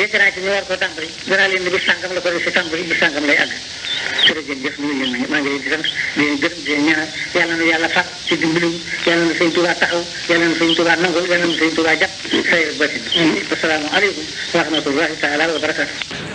yegsi naa ci ñu ko tàmbali danaa leen ne bi sàngam la ko def si tàmbali bi sàngam lay àgg jërëjëf ñu ngi leen maa ngi leen di sant di leen gërëm di leen ñaanal yàlla na yàlla fàq ci dimbalu yàlla na sëñ Tuubaa taxaw yàlla na sëñ wa rahmatullahi taala wa barakaatu.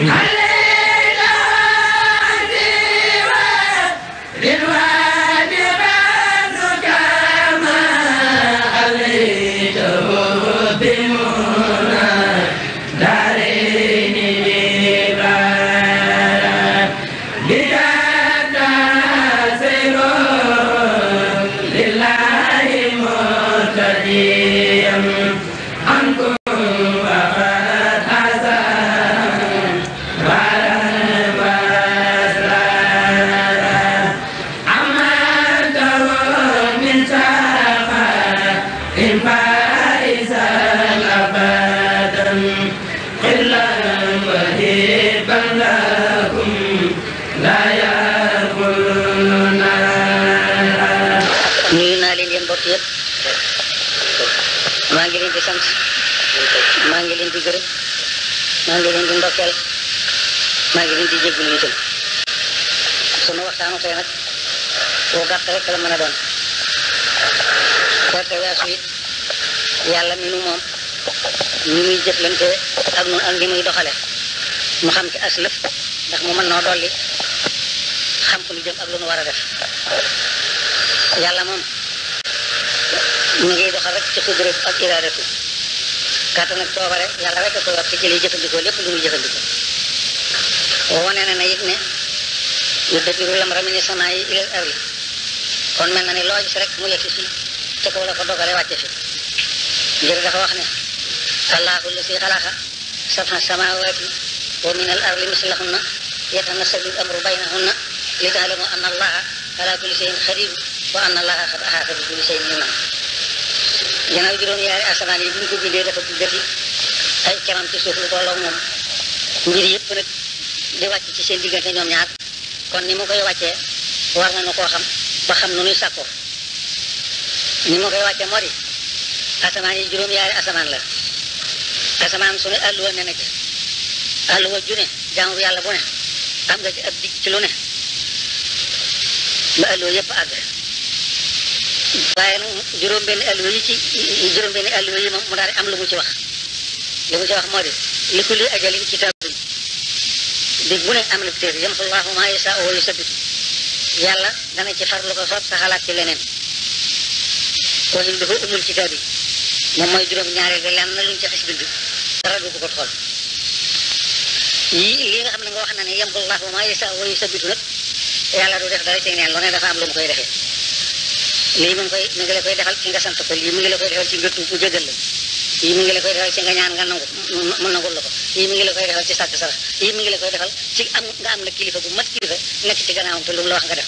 gërëm maa ngi leen di ndokkeel maa ngi leen di jégalu itam sama waxtaanu tey nag boo gàtt rek la mën a doon fekk weesu it yàlla mi nu moom ñi muy jëflante ak ñun ak li muy doxale mu xam ci aslëf ndax mu mën noo dolli xam ko lu jëm ak lu nu war a def yàlla moom mu ngi doxal rek ci xudrat ak iraadatu kàttan ak coobare yàlla rek ko yor ci ci liy jëfandikoo lépp lu muy jëfandikoo wone na na it ne lu dëgg lam ramini sanaa yi ilal arli kon mel na ni loo gis rek mu yegg si te kaw la ko dogale wàcce fi ngir dafa wax ne allahu lasi xalaqa sabha samawaati wa min al arli mislahunna yatanasalu al amru baynahunna li taalamu anna allaha ala kulli shay'in xadir wa anna allaha qad ahaata bi kulli shay'in ilman ginnaaw juróom-ñaari asamaan yi bi ñu ko bindee dafa tuddati ay camam ci suuf lu tolloog moom mbir yëpp nag di wàcc ci seen diggante ñoom ñaar kon ni ma koy wàccee war na nu koo xam ba xam nu nuy sàkkoo ni ma koy wàccee moo di asamaan yi juróom-ñaari asamaan la asamaan su ne àlluwa ne àlluwa ju ne jaamu bu yàlla bu ne am nga ci ab dig ci lu ne ba àlluwa yëpp àgg waaye nag juróom-benni alluwa yi ci juróom-benni alluwa yi moom mu daal di am lu mu ci wax li mu ci wax moo di li ku lii ajalin ci taabul bi bu ne am na téere yamhu llaahu maa yashaa'u wa yuthbit yàlla dana ci far lu ko sa xalaat ci leneen wa indahu ummul kitaab yi moom mooy juróom-ñaareel bi lenn luñ ci xis bind dara du ko xool yii li nga xam ne nga wax na ne yamhu llaahu maa yashaa'u wa yuthbit nag yàlla du def dara ci neen lu ne dafa am lu mu koy defee lii mu ngi koy mi ngi la koy defal ci nga sant ko lii mi ngi la koy defal ci nga tuub mu jégal lii mi ngi la koy defal ci nga ñaan nga nangu mu nangul la ko lii mi ngi la koy defal ci sàkk sarax lii mi ngi la koy defal ci am nga am na kilifa bu mat kilifa nekk ci gannaawam te lu la wax nga def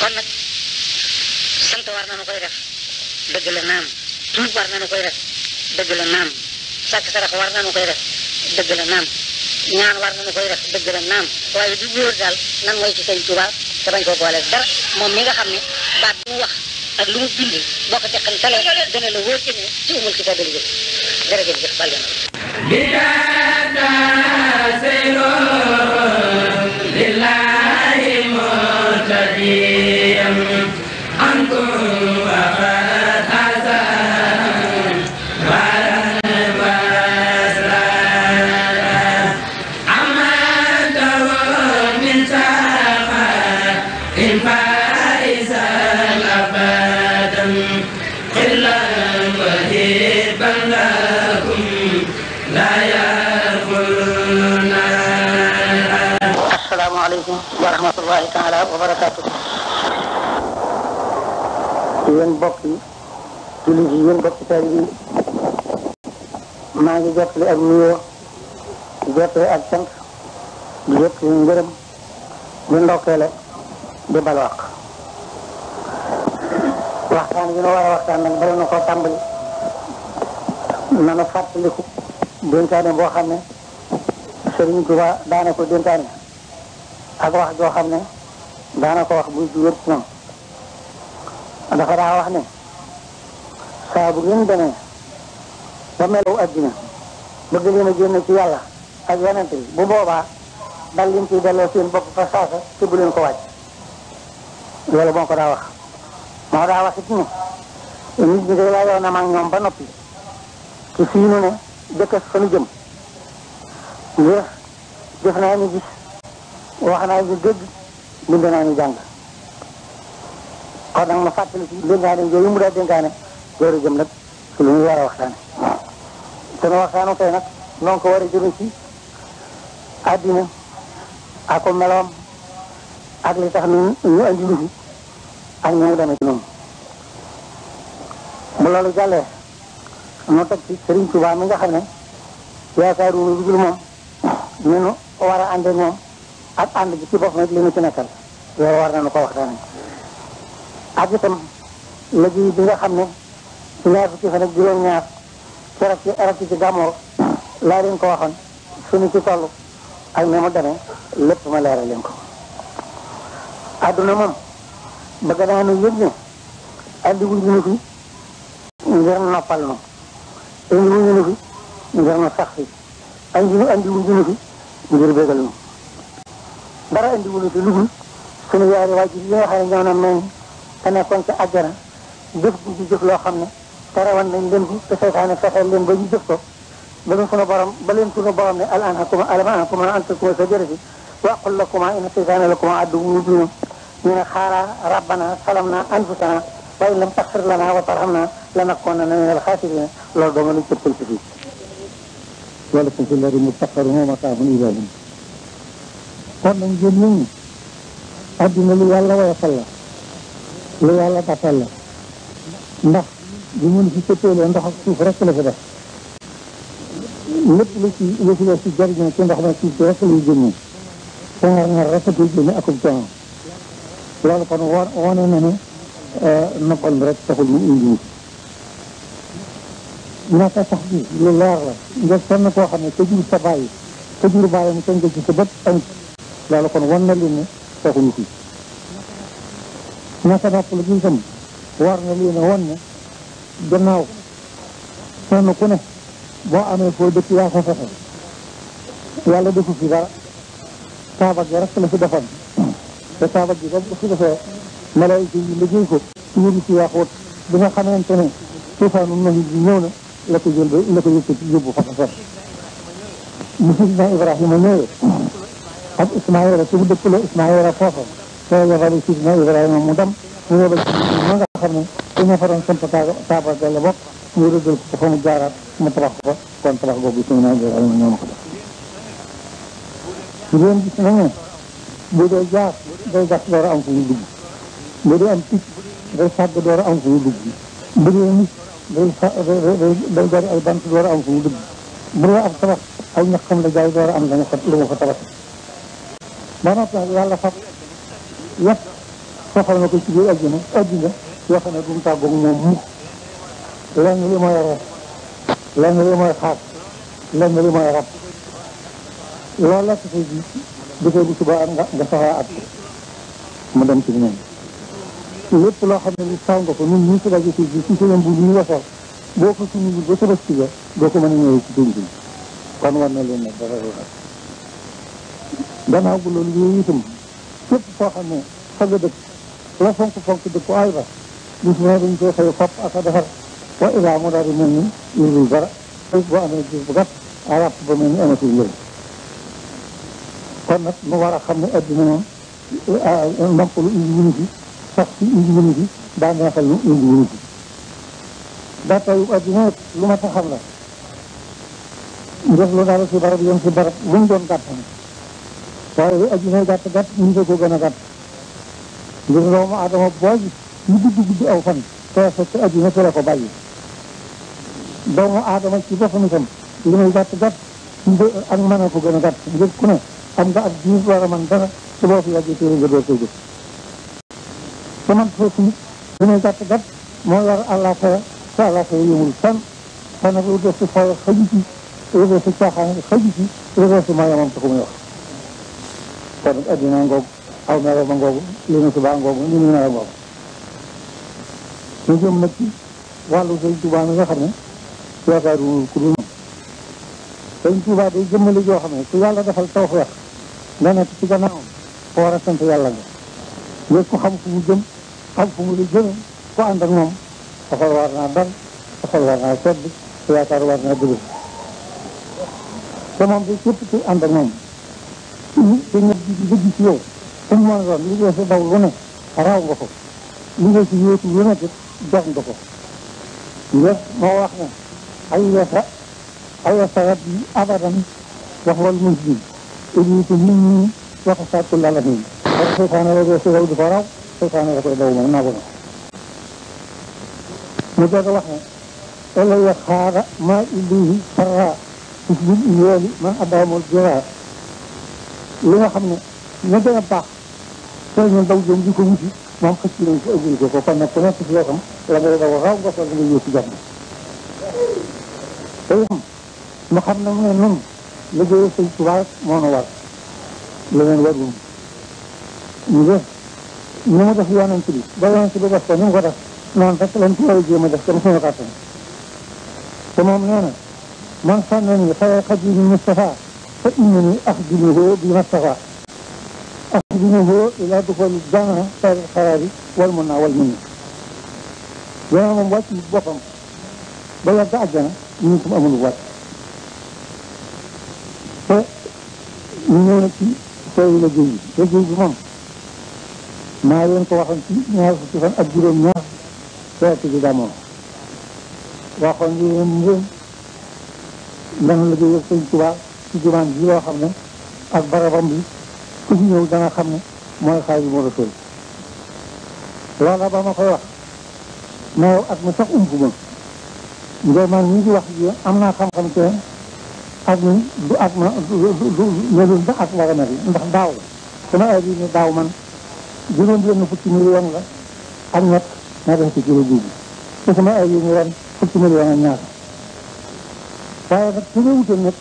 kon nag sant war na nu koy def dëgg la naam tuub war na nu koy def dëgg la naam sàkk sarax war na nu koy def dëgg la naam ñaan war na nu koy def dëgg la naam waaye du góor daal nan mooy ci sëñ Tuubaa te bañ koo boole dara moom mi nga xam ne baat bu wax ak lu mu bind boo ko teqantalee dana la wóor ne ci umul kitaab la jóg jërëjëf jëf bal الله تعالى وبركاته yéen mbokk yi jullit yi yéen mbokk taal yi maa ngi jottali ak nuyoo di jottali ak cant di jottali ngërëm di ndokkeele di balwaq waxtaan yi nu war a waxtaan bari na ko tàmbali nanu fàttaliku dénkaane boo xam ne Serigne Touba daana ko dénkaane ak wax joo ne daana ko wax bu ju wér ci moom daa wax ne saa bu ngeen demee ba melaw addina bëgg leen a génn ci yàlla ak yonent bi bu boobaa dal leen ciy delloo seen bopp fa saasa te bu leen ko wàcc loolu moo ko daa wax moo daa wax it ne nit ñi day layoon ñoom ba noppi ci fii ne jëkkës fa nu ngir jëf naa ñu gis wax naa bu dégg bind naa ñu jàng kon nag ma fàttali ci dénkaane yooyu mu daa dénkaane door a jëm nag ci lu ñu war a waxtaane sunu waxtaanu tey nag noonu ko war a jëme ci àddina ak meloom ak li tax ñu ñu andi lu fi ak ñu mu demee ci loolu jàllee mu teg ci Sëriñ Tuubaa mi nga xam war a ànd moom ak ànd bi ci boppam it li mu ci nekkal loolu war nañu ko waxtaanee ak itam liggéey bi nga xam ne ñaar fukki fan ak juróom-ñaar ci arab ci gàmmoo laa leen ko waxoon suñu ci toll ak ne mu demee lépp ma leeral leen ko. àdduna moom bëgg naa nu yëg ne andi wuñu ñu fi ngir noppal moom andi wuñu ñu ngir mu sax dara andi wulu di lugul sunu yaari waajur yi nga xam ne ñoo na may te nekkoon ci àjjana jëf ji ci jëf loo xam ne terewoon nañ leen ko te seytaane fexe leen ba ñu jëf ko ba leen sunu borom ba leen sunu borom ne al'an hakuma alama hakuma antakuma sa jërëfi waqul lakuma ina seytaane lakuma addu mubinum ñu ne xaara rabbana salamna anfusana wa in lam taxfir lana wa tarhamna lanakunanna min alxaasirina loolu dama lañ cëppal ci fii wala fi lari mutaqaruhu maqaamun ilahum kon nañ gën yëngu adduna lu yàlla woyofal la lu yàlla gàttal la ndax bu mun si sëppeelee ndox ak suuf rek la fi def lépp lu ci lu ci si jariñoo ci ndox ma suuf si sa luy génne te ngar ngar rek koy génne akub coono loolu kon wo na ne euh, noppal sax bi lu leer la nga sonn koo xam ne ka sa bàyyi ka jur bàyyi mu tënk ci sa bët loolu kon won na leen ne kooku ñu kii naka noppalu gi itam war na leen won ne gannaaw kenn ku ne boo amee foo dëkk yaa ko fexe yàlla defu fi dara kaaba gi rek la fi defoon te kaaba gi ba su defee malaayika yi liggéey ko yëri si yaxuut bi nga xamante ne tuufaanu nahi bi ñëw na la ko jël ba la ko yëkkati yóbbu fa fa musulma ibrahima ñëwee ak Ismaayla ci bu dëkk la Ismaayla foofa soo yabale si dina Ibrahima mu dem mu yabal si ma nga xam ne dañoo fa doon samp taaba la bopp mu rëddal ko fa mu jaaraat mu tabax ko kon tabax googu si na Ibrahima ñoo ma ko def. ngeen gis na ne bu dee jaar day gas door a am fu ñu dugg bu dee am picc day sàgg door a am fu ñu dugg bu dee nit day fa day day ay bant door a am fu ñu dugg bu dee ab tabax ay ñaxam la jaay door a am la mu fa la mu fa tabax. ba noppi nag yàlla fab yëpp soxal na ko ci biir àddina àddina yoo xam ne du mu tàggoog moom mukk lenn li mooy rees lenn li mooy xaar lenn li mooy rab loolu la ko fay ji bu fee bu subaa nga nga soxla at mu dem ci ñoom lépp loo xam ne li saw nga ko ñun ñu si daje si si si leen bu ñu wasal boo ko suñu ba sa bés ci ba doo ko mën a ñëwee ci pénc bi kon war na leen ne dara gannaaw bu loolu yooyu itam képp foo xam ne fa nga dëkk la fonk fonk dëkk waay ba gis ne dañ koy xëy fop ak a defar wa ilaa mu daal di mel ni yërul dara boo amee gis bu gàtt arab ba mel ni amatul njëriñ kon nag mu war a xam ne adduna moom nampalu indi wunu fi sax si indi wunu fi daa neexal ñu indi wunu fi daa tayu adduna lu ma taxam la def lu daal si barab yem si barab lu mu doon gàttam waaye lu aji fay gàtt gàtt mun nga ko gën a gàtt ngir doomu adama boo gis ñu gudd gudd aw fan te fekk aji na la ko bàyyi doomu adama ci boppam itam li muy gàtt gàtt nga ak mën a ko gën a gàtt ngir ku ne am nga ab diir war a man dara su boo fi yàggee téere nga door koy gis su man fekk nit li muy gàtt gàtt moo war àllaa faya te àllaa faya yëmul fan te nag lu si fooy xëju ci lu si caaxaan xëju ci lu def si mayamam taxu muy wax kon addina ngoog aw melo ba ngoog li ñu subaa ngoog li ñu melo ngoog ñu jëm nag ci wàllu sëñ Tuubaa nga xam ne yaakaaru ku dul sëñ Tuubaa day joo xam ne ku yàlla defal tawfeex nga nekk ci gannaawam ko war a sant yàlla nga yëg xam fu mu jëm xam fu mu la jëme ko ànd ak moom xol war naa dal xol war naa sedd yaakaar war naa dëgër te moom bi képp ci ànd ak moom te ñoom bëgg ci yow su mu mën a doon li nga daw lu ne raw nga ko li nga si yóotu ne jox nga ko ndax moo wax ne ayyasa ayyasa rabbi abadan wax wal muslim ibnitu nit ñi wax sàkku lala nii parce que la koy si daw di ko raw seytaane la koy daw moom naa ko mu doog a wax ne elay xaara ma ilayhi sarra tuslil iyooli man adamul jira li nga xam ne na gën a baax tey ñun daw jëm di ko wuti moom xëcc ko ko kon nag ku nekk ci loo xam la ngay daw raw nga sol nga yóbbu jàmm te xam ne mu ne nun liggéey sëñ Tuubaa moo nu war leneen warul ñu def ni mu def yonent bi ba yonent bi def ko mu ko def noonu rek lañ ci war a jéem a def comme suñu kàttan te moom nee na man sànnoon ni xayal xaj yi Mustafa فإنني أخدمه بما استطعت أخدمه إلى دخول الجامعة دار القرار والمنى والمنى من وقت بل بلا تعجنا منكم أمن الوقت فنونك سوي الجيد الجيد من ما ينكو تواحن في نهار ستفن أجر النهار سيأتي بدامون وحن لي ينزل لن لدي يرسل ci jumaan loo xam ne ak barabam bi ku ñëw dana xam ne mooy Xaadimu Rasuul loola ba ma koy wax noo ak mu sax umpuma ngir man ñu wax ji am naa xam-xam te ak mi du ak ma melul na ak war a mel ndax daaw la sama ay bi ne million la ak ñett ma def ci kilo jiw bi te sama ay bi ne ren fukki million ak ñaar waaye nag su ma wutoon nag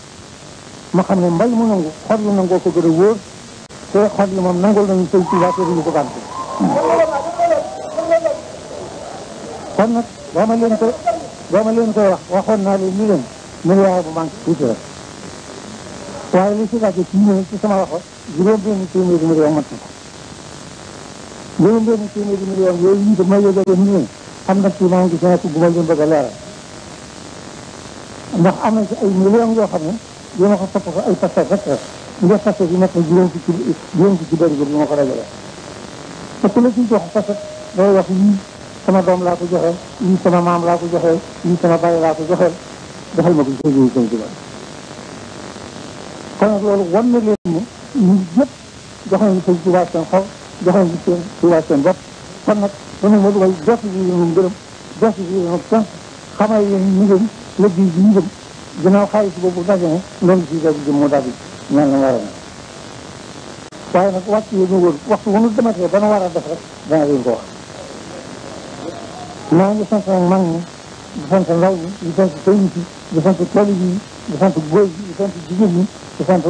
ma xam ne mbay mu nangu xol yu nangoo ko gën a wóor te xol yi moom nangul nañu sëñ Tuubaa te duñu ko bànte kon nag ba ma leen ko ba ma leen koy wax waxoon naa leen ni leen milliard bu manque tuuti rek waaye li si laajte ci ñëw ci sama waxo juróom benn téeméeri million mat na ko juróom benn téeméeri million yooyu ñu ko ma yëgale ni leen am na ci maa ngi si nekk bu ma leen bëgg a leeral ndax am na ci ay million yoo xam ne يوم خطفه القصه فتره من القصه في مكه جيران في جيران في كبار يوم خرج له فكل شيء تو خطفه day wax yii sama doom laa ko joxe yii sama maam laa ko joxe yii sama baay laa ko joxe defal ma ko joxe yi sëñ tubaab kon nag loolu wan na leen ne ñun yëpp joxe nañ sëñ tubaab seen xol joxe nañ sëñ tubaab seen bopp kon nag dana ma dugal def yi ñu ngërëm def yi ñu sant xamal leen ñu ngëm lëgg yi ñu ngëm ginnaaw xaalis boobu dajane loolu si def jëm mu daal di mel na war a mel waaye nag waxtu yi ñu wër waxtu wu ñu dematee ba nu war a def rek dana leen ko wax maa ngi sant nag mag ñi di sant ndaw ñi di sant sëriñ si di sant tool yi di sant góor sant jigéen ñi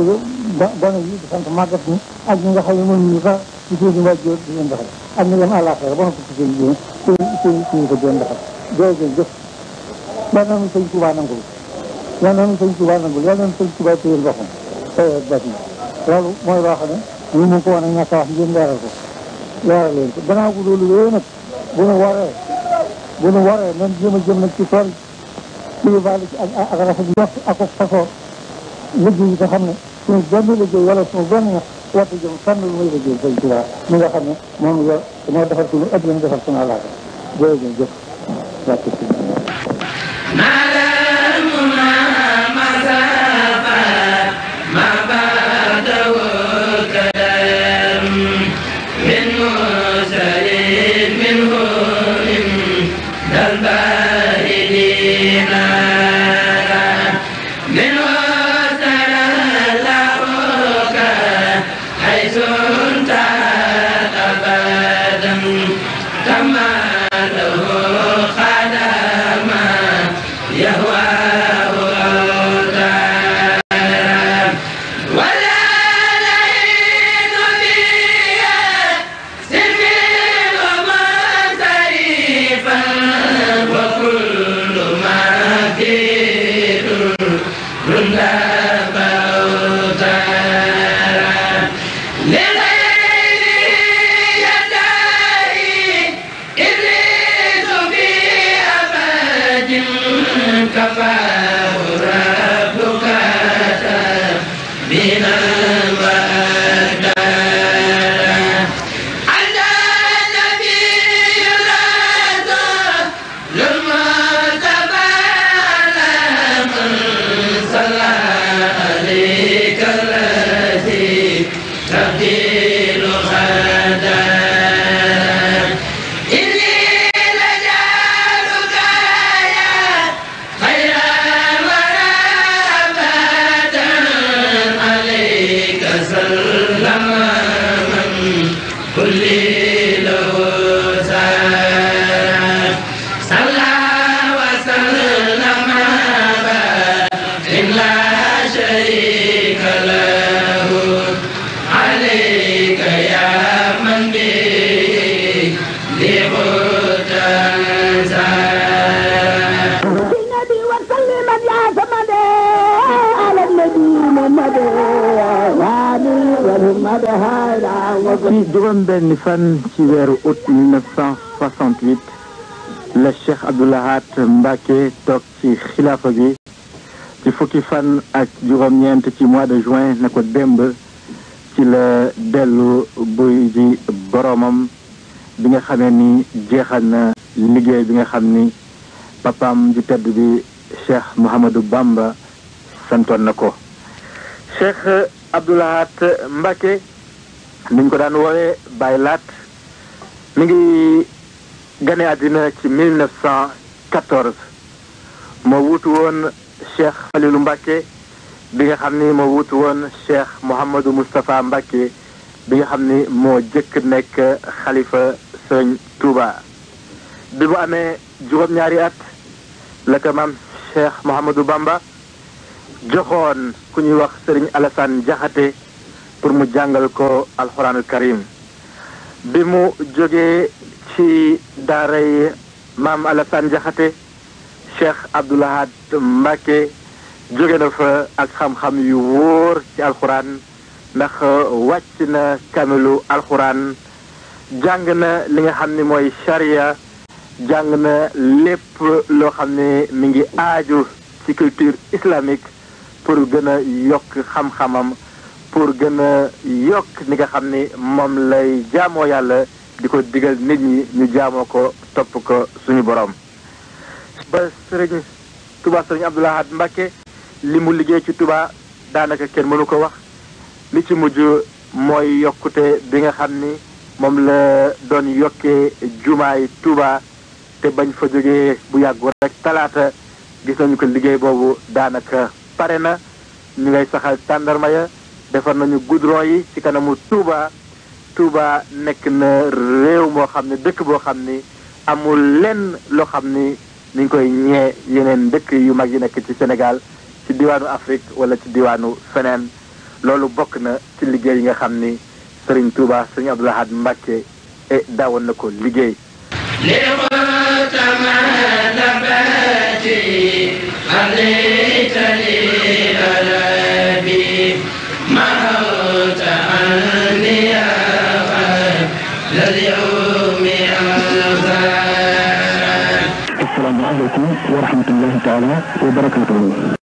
yi di sant màggat ak ñi nga xam ne moom ñu sax ci seen wàjjoor di leen doxal ak ñu leen àllaaxira ba noppi ci seen yéen seen seen ko jëf ba noonu sëñ Tuubaa yal na nu sëñ Tuubaa nangul yal na nu sëñ Tuubaa téyel boppam tawet bat na loolu mooy loo xam ne ñu mu ko a ñàkk a wax ngeen leeral ko leeral leen ko gannaaw bu loolu yooyu nag bu nu waree bu nu waree nan jéem a jëm ci tool ci lu baax ak ak rafet ñor ak ak fasoo liggéey yi nga xam ne suñu benn liggéey wala suñu benn ñax war a jëm fenn lu muy liggéey sëñ mi nga xam ne moom yor moo defar suñu ëpp la mu defar suñu àllaaga jërëjëf jëf wàcc ci juróom benn fan ci weeru août 1968 la Cheikh Abdou Lahad Mbacké ci xilaafa gi ci fukki fan ak juróom-ñeent ci mois de juin nako ko ci la dellu buy ji boroomam bi nga xamee ni jeexal na liggéey bi nga xam ni papaam ju tedd bi cheikh Mouhamadou Bamba santoon na ko cheikh Abdou Lahat Mbacké ko daan woowee Baye Laat mi ngi gane àddina ci 1914 moo wuutu woon cheikh Falilou Mbacké bi nga xam ni moo wutu woon Cheikh Mouhamadou Moustapha Mbacké bi nga xam ni moo jëkk nekk xalifa sëñ Touba. bi mu amee juróom-ñaari at la ko maam Cheikh Mouhamadou Bamba joxoon ku ñuy wax Serigne Alassane Diakhaté pour mu jàngal ko alxuraanul karim bi mu jógee ci daaray maam Alassane Diakhaté Cheikh Abdoul Ahad jóge na fa ak xam-xam yu wóor ci alxuraan ndax wàcc na kamilu alxuraan jàng na li nga xam ni mooy charia jàng na lépp loo xam ni mi ngi aaju ci culture islamique pour gën a yokk xam-xamam pour gën a yokk ni nga xam ni moom lay jaamoo yàlla di ko digal nit ñi ñu jaamoo ko topp ko suñu borom ba sëriñ Tuubaa Mbàkke li mu liggéey ci Touba daanaka kenn mënu ko wax li ci mujj mooy yokkute bi nga xam ni moom la doon yokkee jumaay Touba te bañ fa jógee bu yàggu rek talaata gis nañu ko liggéey boobu daanaka pare na ñu ngay saxal tàndarma ya defar nañu goudron yi ci kanamu Touba Touba nekk na réew moo xam ne dëkk boo xam ni amul lenn loo xam ni ni ngi koy ñee yeneen dëkk yu mag yi nekk ci Sénégal ci diwaanu afrique wala ci lalu feneen loolu bokk na ci liggéey yi nga xam ni sëriñ tuuba e Dawon na ko السلام عليكم ورحمة الله تعالى وبركاته